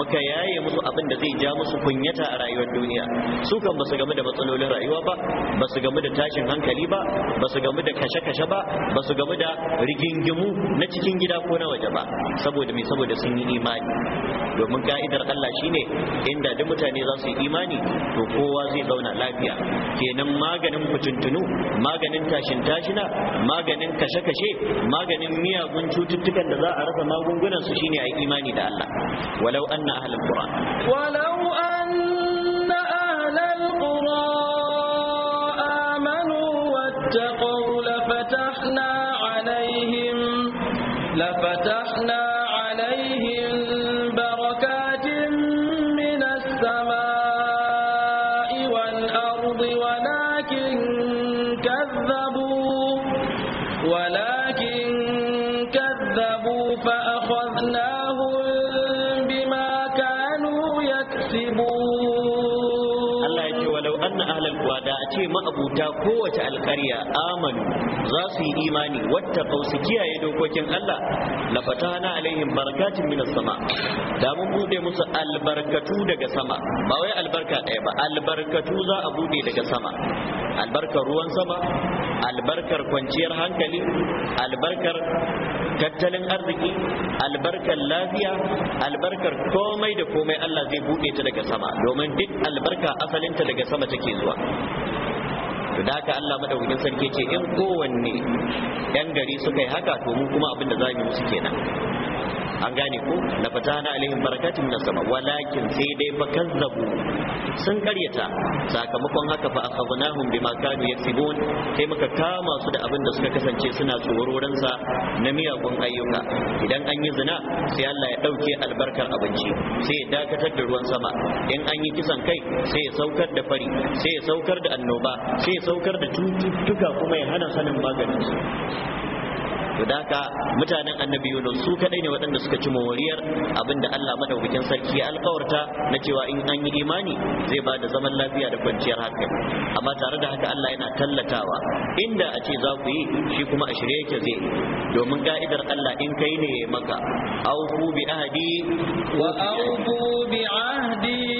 A: muka yaye musu abin da zai ja musu kunyata a rayuwar duniya su kan basu game da matsalolin rayuwa ba basu game da tashin hankali ba basu game da kashe-kashe ba basu game da rigingimu na cikin gida ko na waje ba saboda me saboda sun yi imani domin ka'idar Allah shine inda duk mutane za su yi imani to kowa zai zauna lafiya kenan maganin fitintunu maganin tashin tashina maganin kashe-kashe maganin miyagun cututtukan da za a rasa magungunan su shine a imani da Allah walau anna ahlul qura
B: walau anna ahlul qura amanu wattaqu
A: ƙarya amanu za su yi imani wattaqau su kiyaye dokokin Allah la fatahna alaihim barakatin minas sama da mun bude musu albarkatu daga sama ba wai albarka ɗaya ba albarkatu za a bude daga sama albarkar ruwan sama albarkar kwanciyar hankali albarkar tattalin arziki albarkar lafiya albarkar komai da komai Allah zai bude ta daga sama domin duk albarka asalinta daga sama take zuwa to da haka Allah madaukakin sarki ce in kowanne yan gari suka yi haka to mu kuma abin da za mu musu kenan an gane ko la fatana alaihim barakatin minas sama walakin sai dai fa kazzabu sun karyata sakamakon haka fa akhadnahum bima kanu yaksibun sai muka kama su da abin da suka kasance suna tsororan sa na miyagun ayyuka idan an yi zina sai Allah ya dauke albarkar abinci sai ya dakatar da ruwan sama in an yi kisan kai sai ya saukar da fari sai ya saukar da annoba sai ya saukar da cututtuka kuma ya hana sanin maganin su to daka mutanen annabi yunus su kadai ne waɗanda suka ci mawariyar abinda Allah madaukakin sarki ya alkawarta na cewa in an yi imani zai ba da zaman lafiya da kwanciyar hankali amma tare da haka Allah yana tallatawa inda a ce za ku yi shi kuma a shirye yake zai domin ka'idar Allah in kai ne ya maka auku bi ahdi wa
B: auku bi ahdi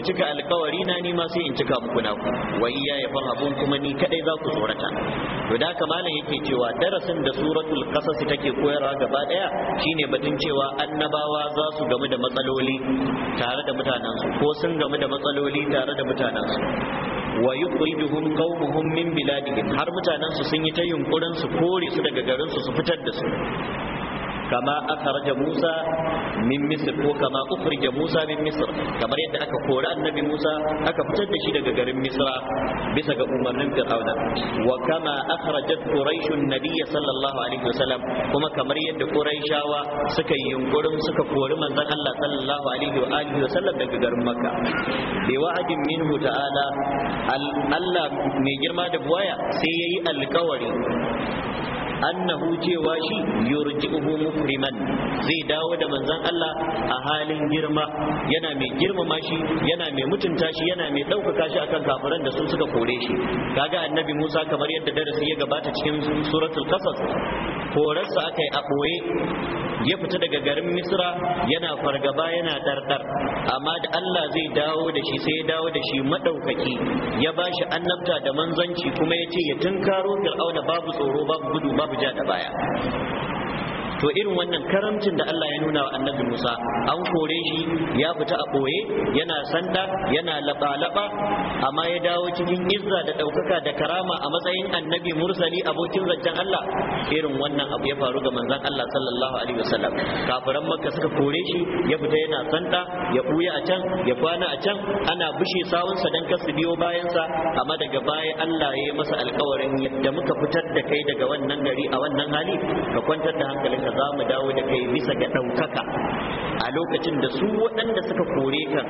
B: ku cika
A: alkawari na nima sai in cika muku naku wa iya ya kuma ni kadai za ku tsorata to da haka malam yake cewa darasin da suratul qasas take koyarwa gaba daya shine batun cewa annabawa za su gamu da matsaloli tare da mutanen su ko sun gamu da matsaloli tare da mutanen su wa yukhrijuhum qawmuhum min biladihim har mutanen su sun yi ta yunkurin su kore su daga garin su su fitar da su kama raja Musa min misr ko kama ukhrija musa min Misir kamar yadda aka kori annabi musa aka fitar da shi daga garin misra bisa ga umarnin fir'auna wa kama akhrajat quraish an sallallahu alaihi wasallam kuma kamar yadda quraishawa suka yi yunkurin suka kori manzon Allah sallallahu alaihi wa alihi wasallam daga garin makka bi wa'adin minhu ta'ala Allah mai girma da buwaya sai yayi alkawari annahu cewa shi yurji'uhu mukriman zai dawo da manzon Allah a halin girma yana mai girmama shi yana mai mutunta shi yana mai ɗaukaka shi akan kafiran da su suka kore shi kaga annabi Musa kamar yadda darasi ya gabata cikin suratul qasas korarsa aka yi a ɓoye ya fita daga garin misra yana fargaba yana dardar amma da Allah zai dawo da shi sai ya dawo da shi madaukaki ya bashi annabta da manzanci kuma ya ce ya tunkaro fir'auna babu tsoro babu gudu babu 不见得吧？to irin wannan karamcin da Allah ya nuna wa annabi Musa an kore shi ya fita a ɓoye yana sanda yana laɓa-laɓa amma ya dawo cikin izza da ɗaukaka da karama a matsayin annabi mursali abokin zancen Allah irin wannan abu ya faru ga manzan Allah sallallahu alaihi wasallam kafiran makka suka kore shi ya fita yana sanda ya ɓuya a can ya kwana a can ana bushe sawunsa dan kar su biyo bayansa amma daga baya Allah ya yi masa alkawarin da muka fitar da kai daga wannan gari a wannan hali ka kwantar da hankalinka za mu dawo da kai bisa ga ɗaukaka a lokacin da su waɗanda suka kore ka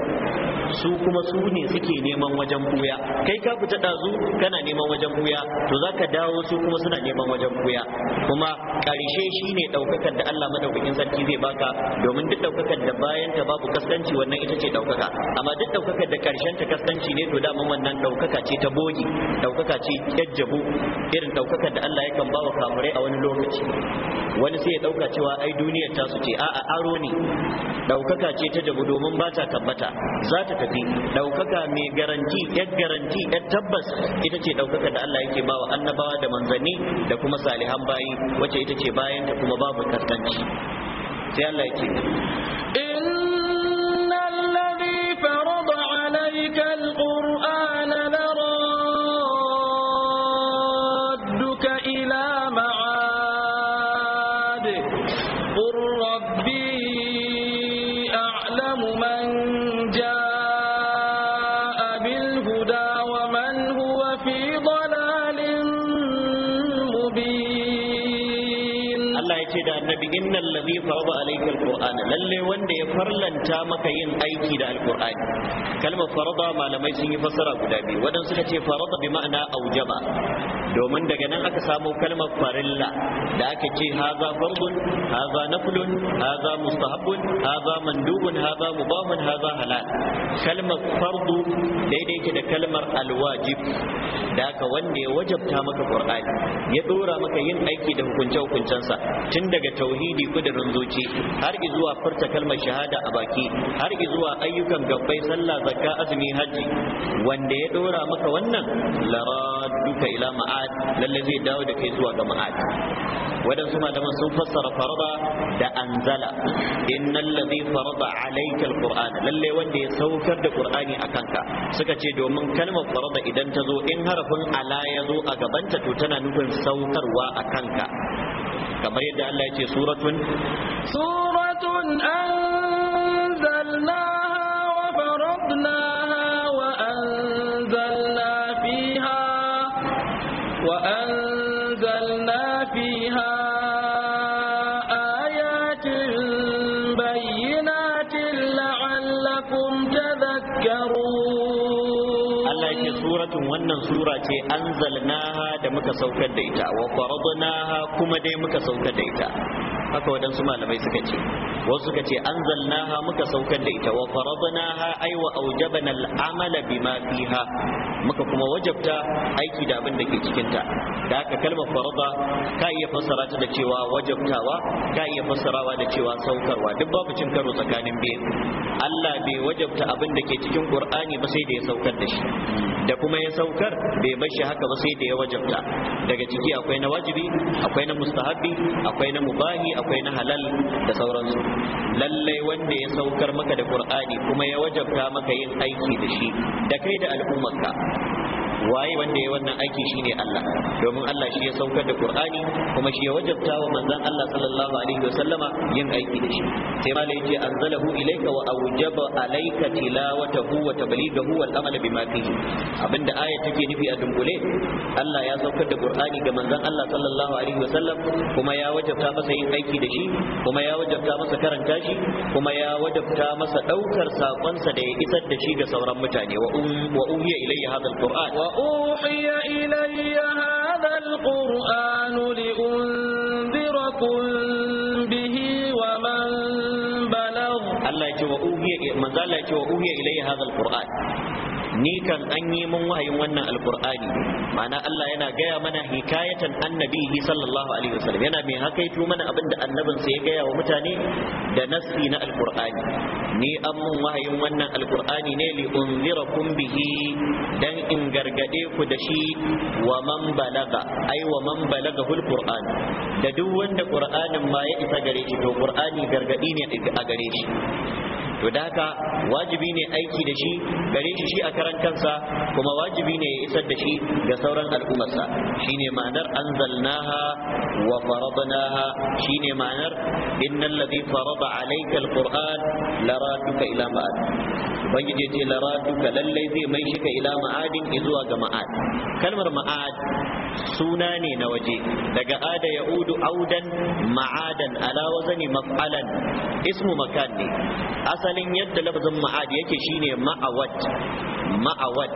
A: su kuma su ne suke neman wajen buya kai ka fita ɗazu kana neman wajen buya to za ka dawo su kuma suna neman wajen buya kuma ƙarshe shi ne ɗaukakar da Allah maɗaukakin sarki zai baka domin duk ɗaukakar da bayan ta babu kaskanci wannan ita ce ɗaukaka amma duk ɗaukakar da ƙarshen ta kaskanci ne to daman wannan ɗaukaka ce ta bogi ɗaukaka ce jajjabu irin ɗaukakar da Allah yakan bawa kamurai a wani lokaci wani sai ya ɗauka cewa ai duniyar tasu ce a'a aro ne Daukaka ce ta dabu domin ba ta tabbata za ta tafi ɗaukaka mai garanti yar garanti yar tabbas ita ce daukaka da Allah yake bawa annabawa da manzanni da kuma salihan bayi wacce ita ce bayan ta kuma babu kaskanci sai Allah yake
B: innal ladhi farada alayka alquran
A: farlanta maka yin aiki da alkur'ani kalmar farada malamai sun yi fassara guda biyu waɗansu suka ce farada bi ma'ana aujaba domin daga nan aka samo kalmar farilla da aka ce haza fardun haza naflun haza mustahabbun haza mandubun haza mubahun haza halal kalmar fardu daidai ke da kalmar alwajib da aka wanda ya wajabta maka qur'ani ya dora maka yin aiki da hukunce hukuncensa tun daga tauhidi kudirin zuci har zuwa furta kalmar shahada shahada a baki har zuwa ayyukan gabbai sallah zakka azumi hajji wanda ya dora maka wannan laraduka ila ma'ad lalle zai dawo da kai zuwa ga ma'ad wadansu malaman sun fassara farada da anzala innal ladhi farada alayka alquran lalle wanda ya saukar da qur'ani akan ka suka ce domin kalmar farada idan ta zo in harafin ala ya zo a gabanta to tana nufin saukarwa akan ka kamar yadda Allah ya ce suratun
B: suratun an
A: muka saukar da ita wa faradnaha kuma dai muka saukar da ita haka waɗansu malamai suka ce wasu suka ce anzalnaha muka saukar da ita wa faradnaha ay wa awjabna al-amala bima fiha muka kuma wajabta aiki da abin da ke cikin ta da haka kalmar farada ka iya fassara ta da cewa wajabtawa ka iya fassarawa da cewa saukarwa duk babu cin karo tsakanin biyu Allah bai wajabta abin da ke cikin Qur'ani ba sai da ya saukar da shi da kuma ya saukar bai bar shi haka ba sai da ya wajabta daga ciki akwai na wajibi akwai na mustahabi akwai na mubahi akwai na halal da sauransu lallai wanda ya saukar maka da qur'ani kuma ya wajabta maka yin aiki da shi da kai da al'ummarka waye wanda ya wannan aiki shine Allah domin Allah shi ya saukar da Qur'ani kuma shi ya wajabta wa manzon Allah sallallahu alaihi wasallama yin aiki da shi sai malai yace anzalahu ilayka wa awjaba alayka tilawatahu wa tablighahu wal amal bima fihi abinda aya take nufi a dunkule Allah ya saukar da Qur'ani ga manzon Allah sallallahu alaihi wasallam kuma ya wajabta masa yin aiki da shi kuma ya wajabta masa karanta shi kuma ya wajabta masa daukar sakonsa da ya isar da shi ga sauran mutane wa um, uhiya ilayya hadha alquran wa
B: وأوحي إلي هذا القرآن لأنذركم به
A: ومن بلغ الله يتوى أوحي من قال أوحي إلي هذا القرآن ni kan an yi mun wahayin wannan alkur'ani ma'ana Allah yana gaya mana hikayatan annabihi sallallahu alaihi wasallam yana mai hakaito mana abin da annabin sa ya gaya wa mutane da nassi na alkur'ani ni an mun wahayin wannan alqur'ani ne li unzirakum bihi dan in gargade ku da shi wa man balaga ai wa man balaga alqur'an da duk wanda qur'anin ma ya isa gare shi to qur'ani gargadi ne a gare shi to da haka wajibi ne aiki da shi gare shi shi a karan kansa kuma wajibi ne ya isar da shi ga sauran al'ummarsa shine ma'anar anzalnaha wa faradnaha shine ma'anar innal ladhi farada alayka alquran laraduka ila ma'ad ubangiji ce laraduka lallai zai mai shi ka ila ma'adin zuwa ga ma'ad kalmar ma'ad suna ne na waje daga ada udu audan ma'adan ala wazani maf'alan ismu makan ne asali asalin yadda lafazin ma'ad yake shine ma'awad ma'awad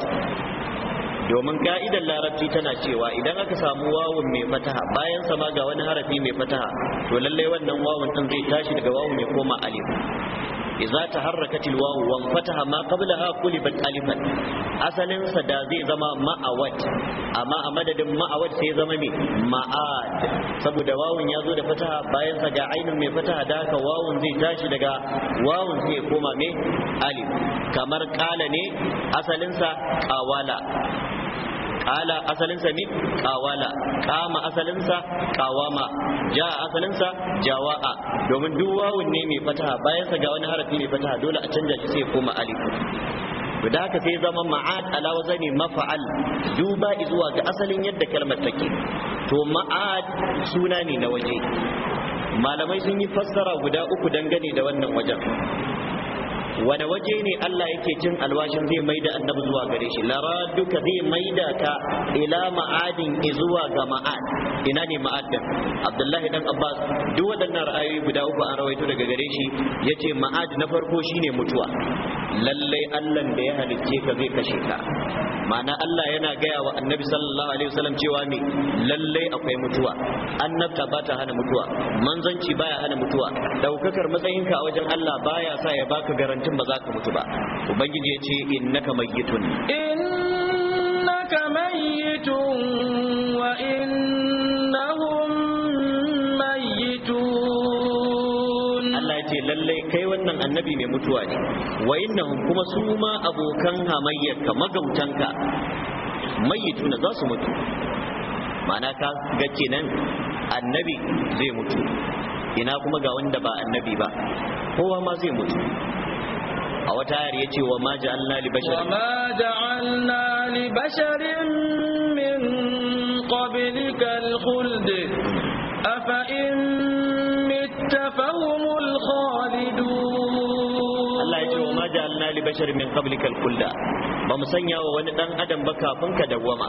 A: domin ka'idar larabci tana cewa idan aka samu wawun mai fataha bayan sama ga wani harafi mai fataha to lallai wannan wawun din zai tashi daga wawun mai koma alif idza taharrakat alwawu wa fataha ma qablaha qulibat alifan asalin sa da zai zama ma'awat amma a madadin ma'awat sai zama ne ma'ad saboda wawun ya zo da fataha bayan sa ga ainun mai fataha da haka wawun zai tashi daga wawun sai koma mai alif kamar ƙala ne asalin sa qawala qala asalinsa ne qawala qama asalinsa qawama asalinsa jawaa domin duk wawun ne mai fataha bayan sa ga wani harafi mai fataha dole a canja shi sai koma alif to da haka sai zama ma'ad ala wazani mafa'al duba zuwa ga asalin yadda kalmar take to ma'ad suna ne na waje malamai sun yi fassara guda uku dangane da wannan wajen wani waje ne Allah yake cin alwashin zai maida annabi zuwa gare shi laraduka zai maida ka ila ma'adin zuwa ga ma'ad ina ne ma'ad din Abdullahi dan Abbas duk waɗannan ra'ayoyi guda uku an rawaito daga gare shi yace ma'ad na farko shine mutuwa lallai allan da ya halicce ka zai kashe ka ma'ana allah yana gaya wa annabi sallallahu alaihi wasallam cewa ne lallai akwai mutuwa annabta ba ta hana mutuwa manzanci baya hana mutuwa daukakar matsayinka a wajen allah baya sa ya baka garantin ba za ka mutu ba ubangiji ya ce innaka mayyitun
B: innaka mayyitun wa innahum
A: ce lallai kai wannan annabi mai mutuwa ne wa innahum kuma su ma abokan hamayyarka magautanka na za su mutu ma'ana ka ga kenan annabi zai mutu ina kuma ga wanda ba annabi ba kowa ma zai mutu a wata ya ce wa ma ja'alna li basharin wa ma
B: ja'alna li basharin min qablika al-khuld afa in mitta fahumul
A: li min qablika al-kulla ba mu sanya wa wani dan adam ba kafin ka dawwama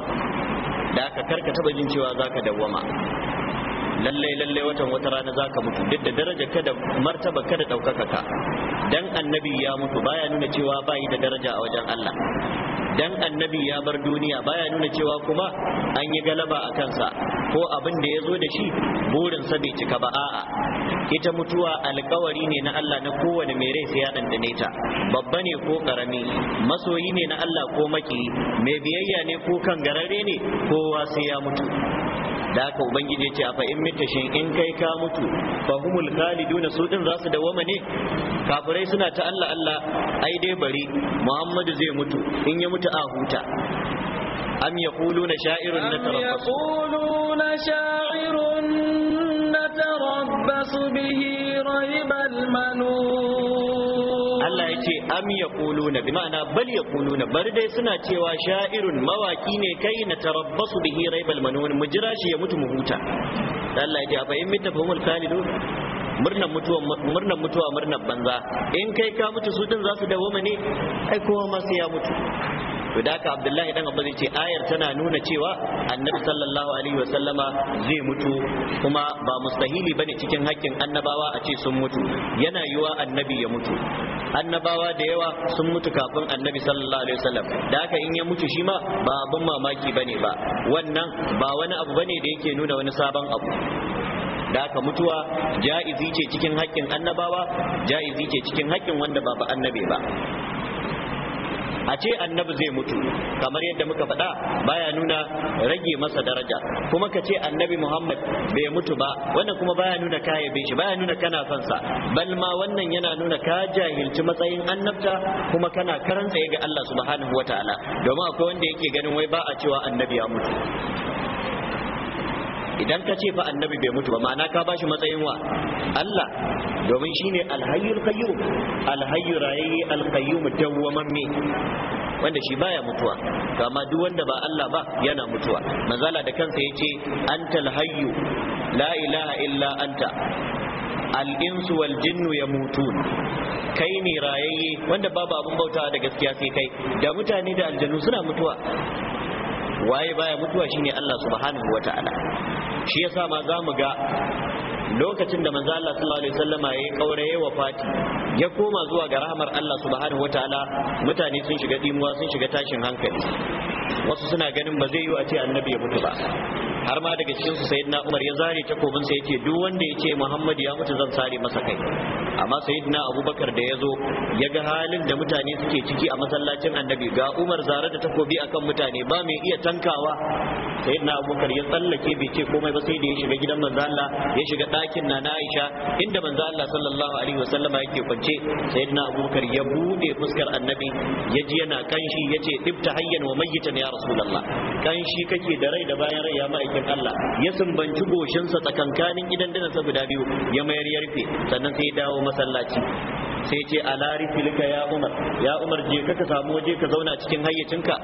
A: da aka karka taba jin cewa zaka dawwama lallai lallai watan wata rana zaka mutu duk da daraja kada martaba kada daukaka ka dan annabi ya mutu baya nuna cewa bayi da daraja a wajen Allah dan annabi ya bar duniya baya nuna cewa kuma an yi galaba a kansa ko abin da ya zo da shi burinsa bai cika ba a'a ita mutuwa alkawari ne na Allah na kowane mai rai sai ya dandane ta babba ne ko karami masoyi ne na Allah ko maki mai biyayya ne ko kan garare ne kowa sai ya mutu da haka ubangiji ce fa in mita shin in kai ka mutu fa humul khaliduna su din zasu wama ne kafirai suna ta Allah Allah ai dai bari Muhammadu zai mutu in ya mutu a huta am yaquluna sha'irun natarabbasu yaquluna
B: sha'irun natarabbasu bihi raibal
A: manun ce am na bi ma'ana bal ya na bari dai suna cewa sha'irun mawaki ne kai na tarabbasu bihi raibal manun mu jira shi ya mutu mu huta Allah ya ce afa in mita fahimul murnar mutuwa murnar mutuwa murnar banza in kai ka mutu su din za su mu ne ai kowa ma sai ya mutu to da haka abdullahi dan abba zai ce ayar tana nuna cewa annabi sallallahu alaihi wasallama zai mutu kuma ba mustahili bane cikin hakkin annabawa a ce sun mutu yana yiwa annabi ya mutu annabawa da yawa sun mutu kafin annabi sallallahu alaihi wasallam da haka in ya mutu shi ma ba abun mamaki bane ba wannan ba wani abu bane da yake nuna wani sabon abu da haka mutuwa ja'izi ce cikin haƙƙin annabawa ja'izi ce cikin haƙƙin wanda ba ba annabi ba a ce annabi zai mutu kamar yadda muka faɗa baya nuna rage masa daraja kuma ka ce annabi muhammad bai mutu ba wannan kuma baya nuna ka yabe shi baya nuna kana son sa bal ma wannan yana nuna ka jahilci matsayin annabta kuma kana karanta ga Allah subhanahu wataala domin akwai wanda yake ganin wai ba a cewa annabi ya mutu idan ka ce fa annabi bai mutu ba ma'ana ka bashi matsayin wa Allah domin shine alhayyul qayyum alhayyul rayyi alqayyum dawwaman me wanda shi baya mutuwa kama duk wanda ba Allah ba yana mutuwa manzala da kansa yace antal hayyu la ilaha illa anta al'insu wal jinnu ya mutu kai ne rayayye wanda babu abin bautawa da gaskiya sai kai da mutane da aljanu suna mutuwa waye baya mutuwa shine Allah subhanahu wataala shi yasa ma za mu ga lokacin da manzo Allah sallallahu alaihi wasallama ya kauraye wa fati ya koma zuwa ga rahmar Allah subhanahu wataala mutane sun shiga dimuwa sun shiga tashin hankali wasu suna ganin ba zai yi a ce annabi ya mutu ba har ma daga cikin su sayyidina Umar ya zare takobin sa yace duk wanda yace Muhammad ya mutu zan sare masa kai amma sayyidina Abubakar da yazo ya ga halin da mutane suke ciki a masallacin Annabi ga Umar zare da takobi akan mutane ba mai iya tankawa sayyidina abubakar ya tsallake bai ce komai ba sai da ya shiga gidan manzo Allah ya shiga ɗakin na Aisha inda manzo Allah sallallahu alaihi wasallama yake kwance sayyidina abubakar ya bude fuskar annabi ya ji yana kanshi yace ibta hayyan wa mayyitan ya rasulullah kanshi kake da rai da bayan rai ya ma'aikin Allah ya sumbanci goshinsa tsakankanin gidan dana sa guda biyu ya mayar ya rufe sannan sai ya dawo masallaci sai ce ala rifilka ya umar ya umar je ka ka samu waje ka zauna cikin hayyacinka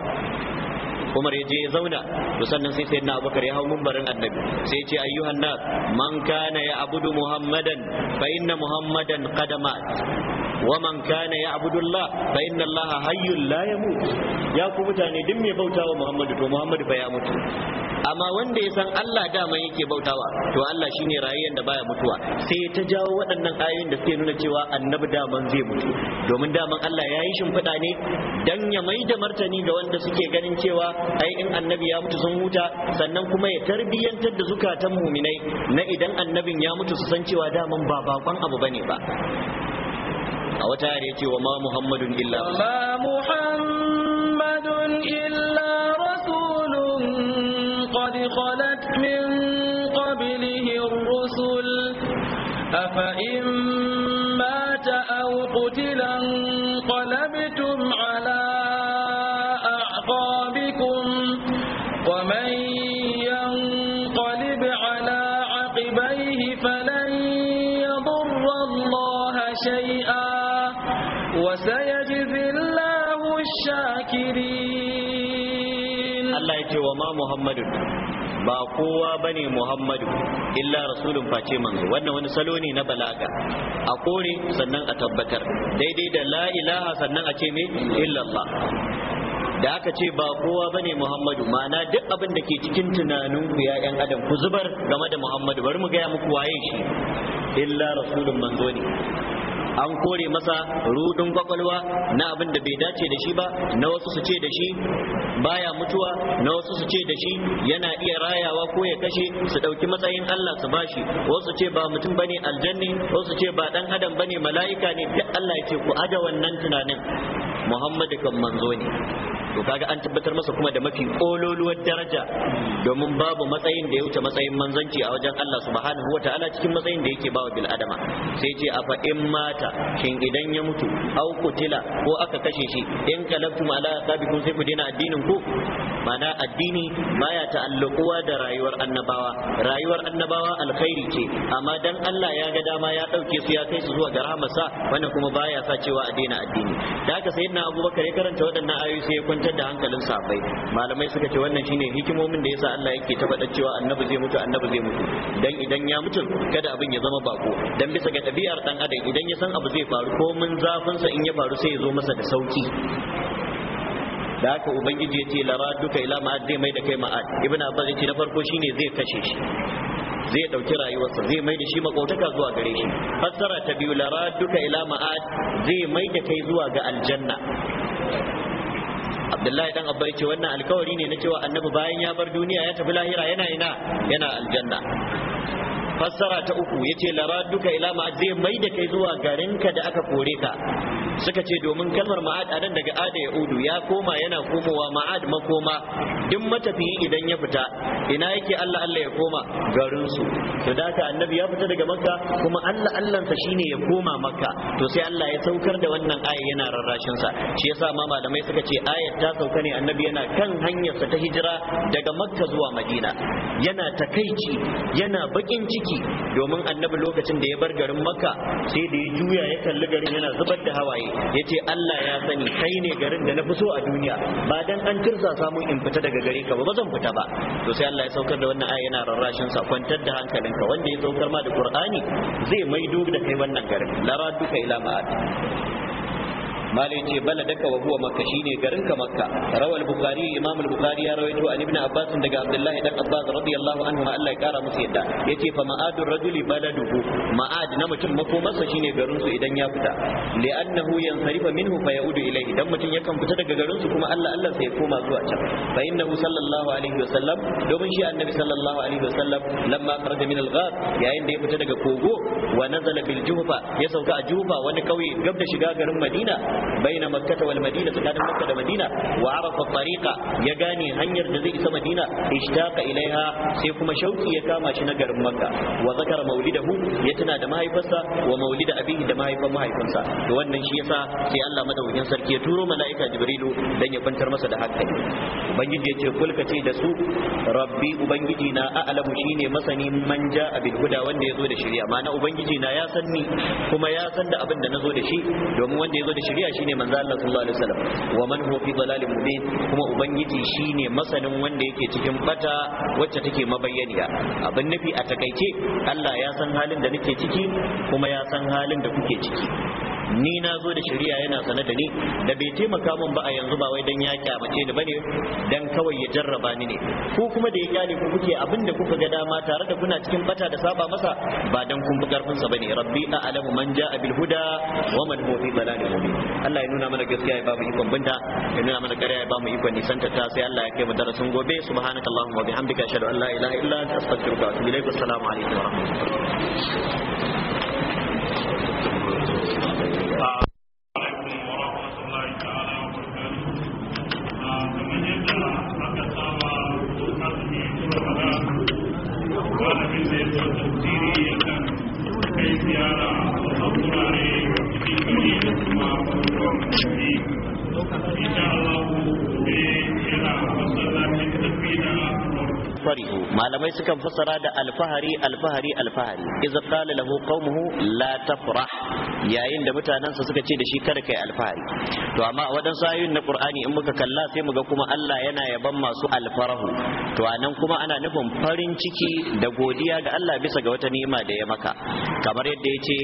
A: umar ya je ya zauna to sannan sai sayyidina abubakar ya hau mumbarin annabi sai ya ce ayyuhan nas man kana ya abudu muhammadan fa inna muhammadan qad ya abudu allah fa inna Allah hayyul la yamut Ya ku mutane duk mai bautawa Muhammadu to Muhammadu ba ya mutu amma wanda ya san Allah dama yake bautawa to Allah shine rayuwar da baya mutuwa sai ta jawo waɗannan ayoyin da suke nuna cewa annabi daman zai mutu domin daman Allah ya yi shimfiɗa ne dan ya mai da martani ga wanda suke ganin cewa ai in annabi ya mutu sun huta sannan kuma ya tarbiyantar da zukatan muminai na idan annabin ya mutu su san cewa daman ba bakon abu bane ba a wata yare ya ce wa ma muhammadun illa Ba
B: muhammadun illa rasulun qad khalat min qablihi ar-rusul afa in mata aw qutilan qalabtum ala Allah ya
A: ce wa ma Muhammadu ba kowa bane Muhammadu illa rasulun face manzo wannan wani salo ne na balaga a kore sannan a tabbatar daidai da la ilaha sannan a ce me illallah da aka ce ba kowa bane Muhammadu ma'ana duk abin da ke cikin tunanin ku ya adam ku zubar game da Muhammadu bari mu gaya muku waye shi illa rasulun manzo ne an kore masa rudin kwakwalwa na abin da bai dace da shi ba na wasu su ce da shi baya mutuwa na wasu su ce da shi yana iya rayawa ko ya kashe su ɗauki matsayin Allah su bashi wasu ce ba mutum bane aljanni wasu ce ba dan adam bane mala'ika ne duk Allah ya ce ku ada wannan tunanin Muhammadu kan manzo ne to kaga an tabbatar masa kuma da mafi kololuwar daraja domin babu matsayin da ya wuce matsayin manzanci a wajen Allah subhanahu wataala cikin matsayin da yake bawa bil adama sai ce afa in mata kin idan ya mutu au kutila ko aka kashe shi in kalabtum ala aqabikum sai ku dina addinin ku mana addini baya ta'alluquwa da rayuwar annabawa rayuwar annabawa alkhairi ce amma dan Allah ya ga dama ya dauke su ya kai su zuwa ga sa wannan kuma baya sa cewa a daina addini da haka sayyidina Abubakar ya karanta waɗannan ayoyi sai ya kwantar da hankalin sahabbai malamai suka ce wannan shine hikimomin da yasa Allah yake ta cewa annabi zai mutu annabi zai mutu dan idan ya mutu kada abin ya zama bako dan bisa ga ɗabi'ar dan adam idan ya san abu zai faru ko mun zafin sa in ya faru sai ya zo masa da sauki da haka ubangiji ya ce lara duka ila ma'ad zai mai da kai ma'ad Ibn abbas ya ce na farko shine zai kashe shi zai dauki rayuwarsa zai mai da shi makautaka zuwa gare shi fassara ta biyu lara duka ila ma'ad zai mai da kai zuwa ga aljanna abdullahi dan abba yace wannan alkawari ne na cewa annabi bayan ya bar duniya ya tafi lahira yana ina yana aljanna fassara ta uku yace laraduka ila ma'ad zai mai da kai zuwa garinka da aka kore ka suka ce domin kalmar ma'ad a nan daga ada ya udu ya koma yana komowa ma'ad makoma duk matafiyi idan ya fita ina yake Allah Allah ya koma garin su to da haka annabi ya fita daga makka kuma Allah Allah sa shine ya koma makka to sai Allah ya saukar da wannan aya yana rarrashin sa shi yasa ma malamai suka ce ayat ta sauka ne annabi yana kan hanyarsa ta hijira daga makka zuwa madina yana takaici yana bakin ciki ciki domin annabi lokacin da ya bar garin makka sai da ya juya ya kalli garin yana zubar da hawaye ya ce allah ya sani kai ne garin da na fi so a duniya ba dan an tirsa samun in fita daga gari ka ba ba zan fita ba to sai allah ya saukar da wannan aya yana rarrashin sa kwantar da hankalinka wanda ya saukar ma da qur'ani zai maido da kai wannan garin la duka ila ma'ad mala yace baladaka wa huwa makka shine garin ka makka rawal bukhari imam al ya rawaito an ibn abbas daga abdullahi dan abbas radiyallahu anhu Allah ya kara musu yadda yace fa ma'adur rajuli baladuhu ma'ad na mutum makomarsa shine garin su idan ya fita li'annahu yansarifa minhu fa yaudu ilai, dan mutum yakan fita daga garin su kuma Allah Allah sai ya koma zuwa can fa innahu sallallahu alaihi wa domin shi annabi sallallahu alaihi wa sallam min yayin da ya fita daga kogo wa bil ya sauka a juhfa wani kauye gab da shiga garin Madina baina makkata wal madina tsakanin makka da madina wa arafa ya gane hanyar da zai isa madina ishtaqa ilaiha sai kuma shauki ya kama shi na garin makka wa zakara maulidahu ya tuna da mahaifarsa wa maulida abihi da mahaifan mahaifinsa to wannan shi yasa sai Allah ma madaukakin sarki ya turo mala'ika jibrilu dan ya kwantar masa da hankali ubangiji ya ce kulka ce da su rabbi ubangiji na a'lamu shine masani man ja'a bil huda wanda yazo da shari'a ma'ana ubangiji na ya san kuma ya san da abin da nazo da shi domin wanda yazo da shari'a shine manzo Allah sallallahu alaihi wasallam wa man huwa fi dalalin mubin kuma ubangiji shine masanin wanda yake cikin bata wacce take mabayyaniya abin nufi a takaice Allah ya san halin da nake ciki kuma ya san halin da kuke ciki ni na zo da shari'a yana sanar da ni da bai taimaka min ba a yanzu ba wai dan ya kyamace ni bane dan kawai ya jarraba ni ne ko kuma da ya kyale ku kuke abin da kuka ga dama tare da kuna cikin bata da saba masa ba dan kun bi karfin sa bane rabbi a'lamu man ja'a bil huda wa man huwa fi dalalin mubin Allah ya nuna mana gaskiya ya ba mu ikon binta ya nuna mana ƙarya ya ba mu ikon nisanta ta sai Allah ya kai mu darasin gobe subhanakallahumma wa bihamdika ashhadu an la ilaha illa anta astaghfiruka wa atubu ilaik assalamu alaikum wa rahmatullahi malamai sukan fassara da alfahari alfahari alfahari idza qala lahu qaumuhu la tafrah yayin da mutanansa suka ce da shi kada kai alfahari to amma waɗansu ayoyin na qur'ani in muka kalla sai muga kuma Allah yana yaban masu alfarahu to anan kuma ana nufin farin ciki da godiya ga Allah bisa ga wata ni'ima da ya maka kamar yadda ya ce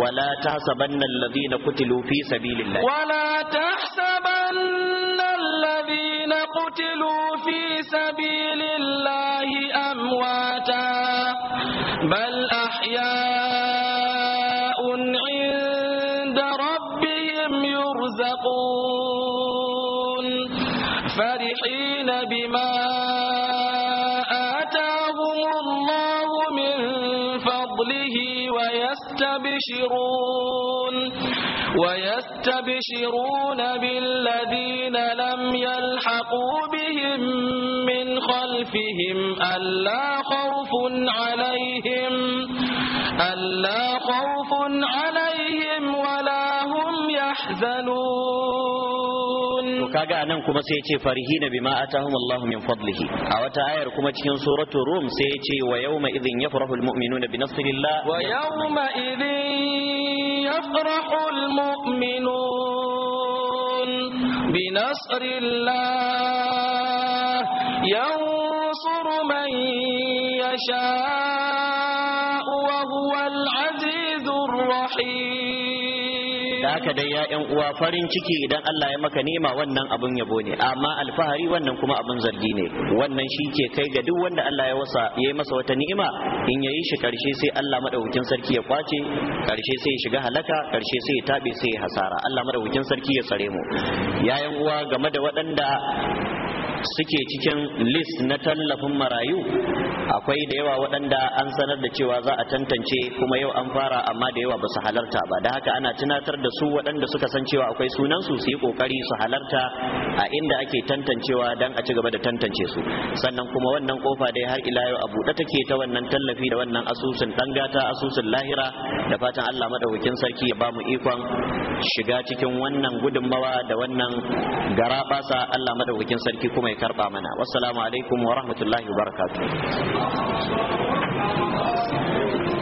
A: wala tahsabanna alladhina qutilu fi sabilillah
B: wala tahsabanna alladhina qutilu fi sabilillah بل أحياء عند ربهم يرزقون فرحين بما آتاهم الله من فضله ويستبشرون ويستبشرون بالذين لم يلحقوا بهم من خلفهم ألا خوف عليهم ألا خوف عليهم ولا هم
A: يحزنون to kaga anan kuma sai yace farihina bima atahum Allah min fadlihi a wata ayar kuma cikin suratul rum sai yace wa yawma idhin yafrahu almu'minuna bi nasrillah wa yawma
B: idhin yafrahu almu'minun bi nasrillah yansuru man yasha wa huwa al rahim
A: da haka dai ya yan uwa farin ciki idan Allah ya maka nema wannan abun yabo ne amma alfahari wannan kuma abun zargi ne wannan shi ke kai ga duk wanda Allah ya wasa ya yi masa wata ni'ima in yayi shi karshe sai Allah madaukakin sarki ya kwace karshe sai ya shiga halaka karshe sai ya tabe sai ya hasara Allah madaukakin sarki ya tsare mu ya yan uwa game da waɗanda suke cikin list na tallafin marayu akwai da yawa waɗanda an sanar da cewa za a tantance kuma yau an fara amma da yawa ba su halarta ba da haka ana tunatar da su waɗanda suka san cewa akwai sunansu su yi ƙoƙari su halarta a inda ake tantancewa don a ci gaba da tantance su sannan kuma wannan kofa dai har ila yau a buɗe take ta wannan tallafi da wannan asusun ɗan asusun lahira da fatan Allah madaukakin sarki ya ba mu ikon shiga cikin wannan gudunmawa da wannan garabasa Allah madaukakin sarki kuma ya karba mana wassalamu alaikum wa rahmatullahi wa barakatuh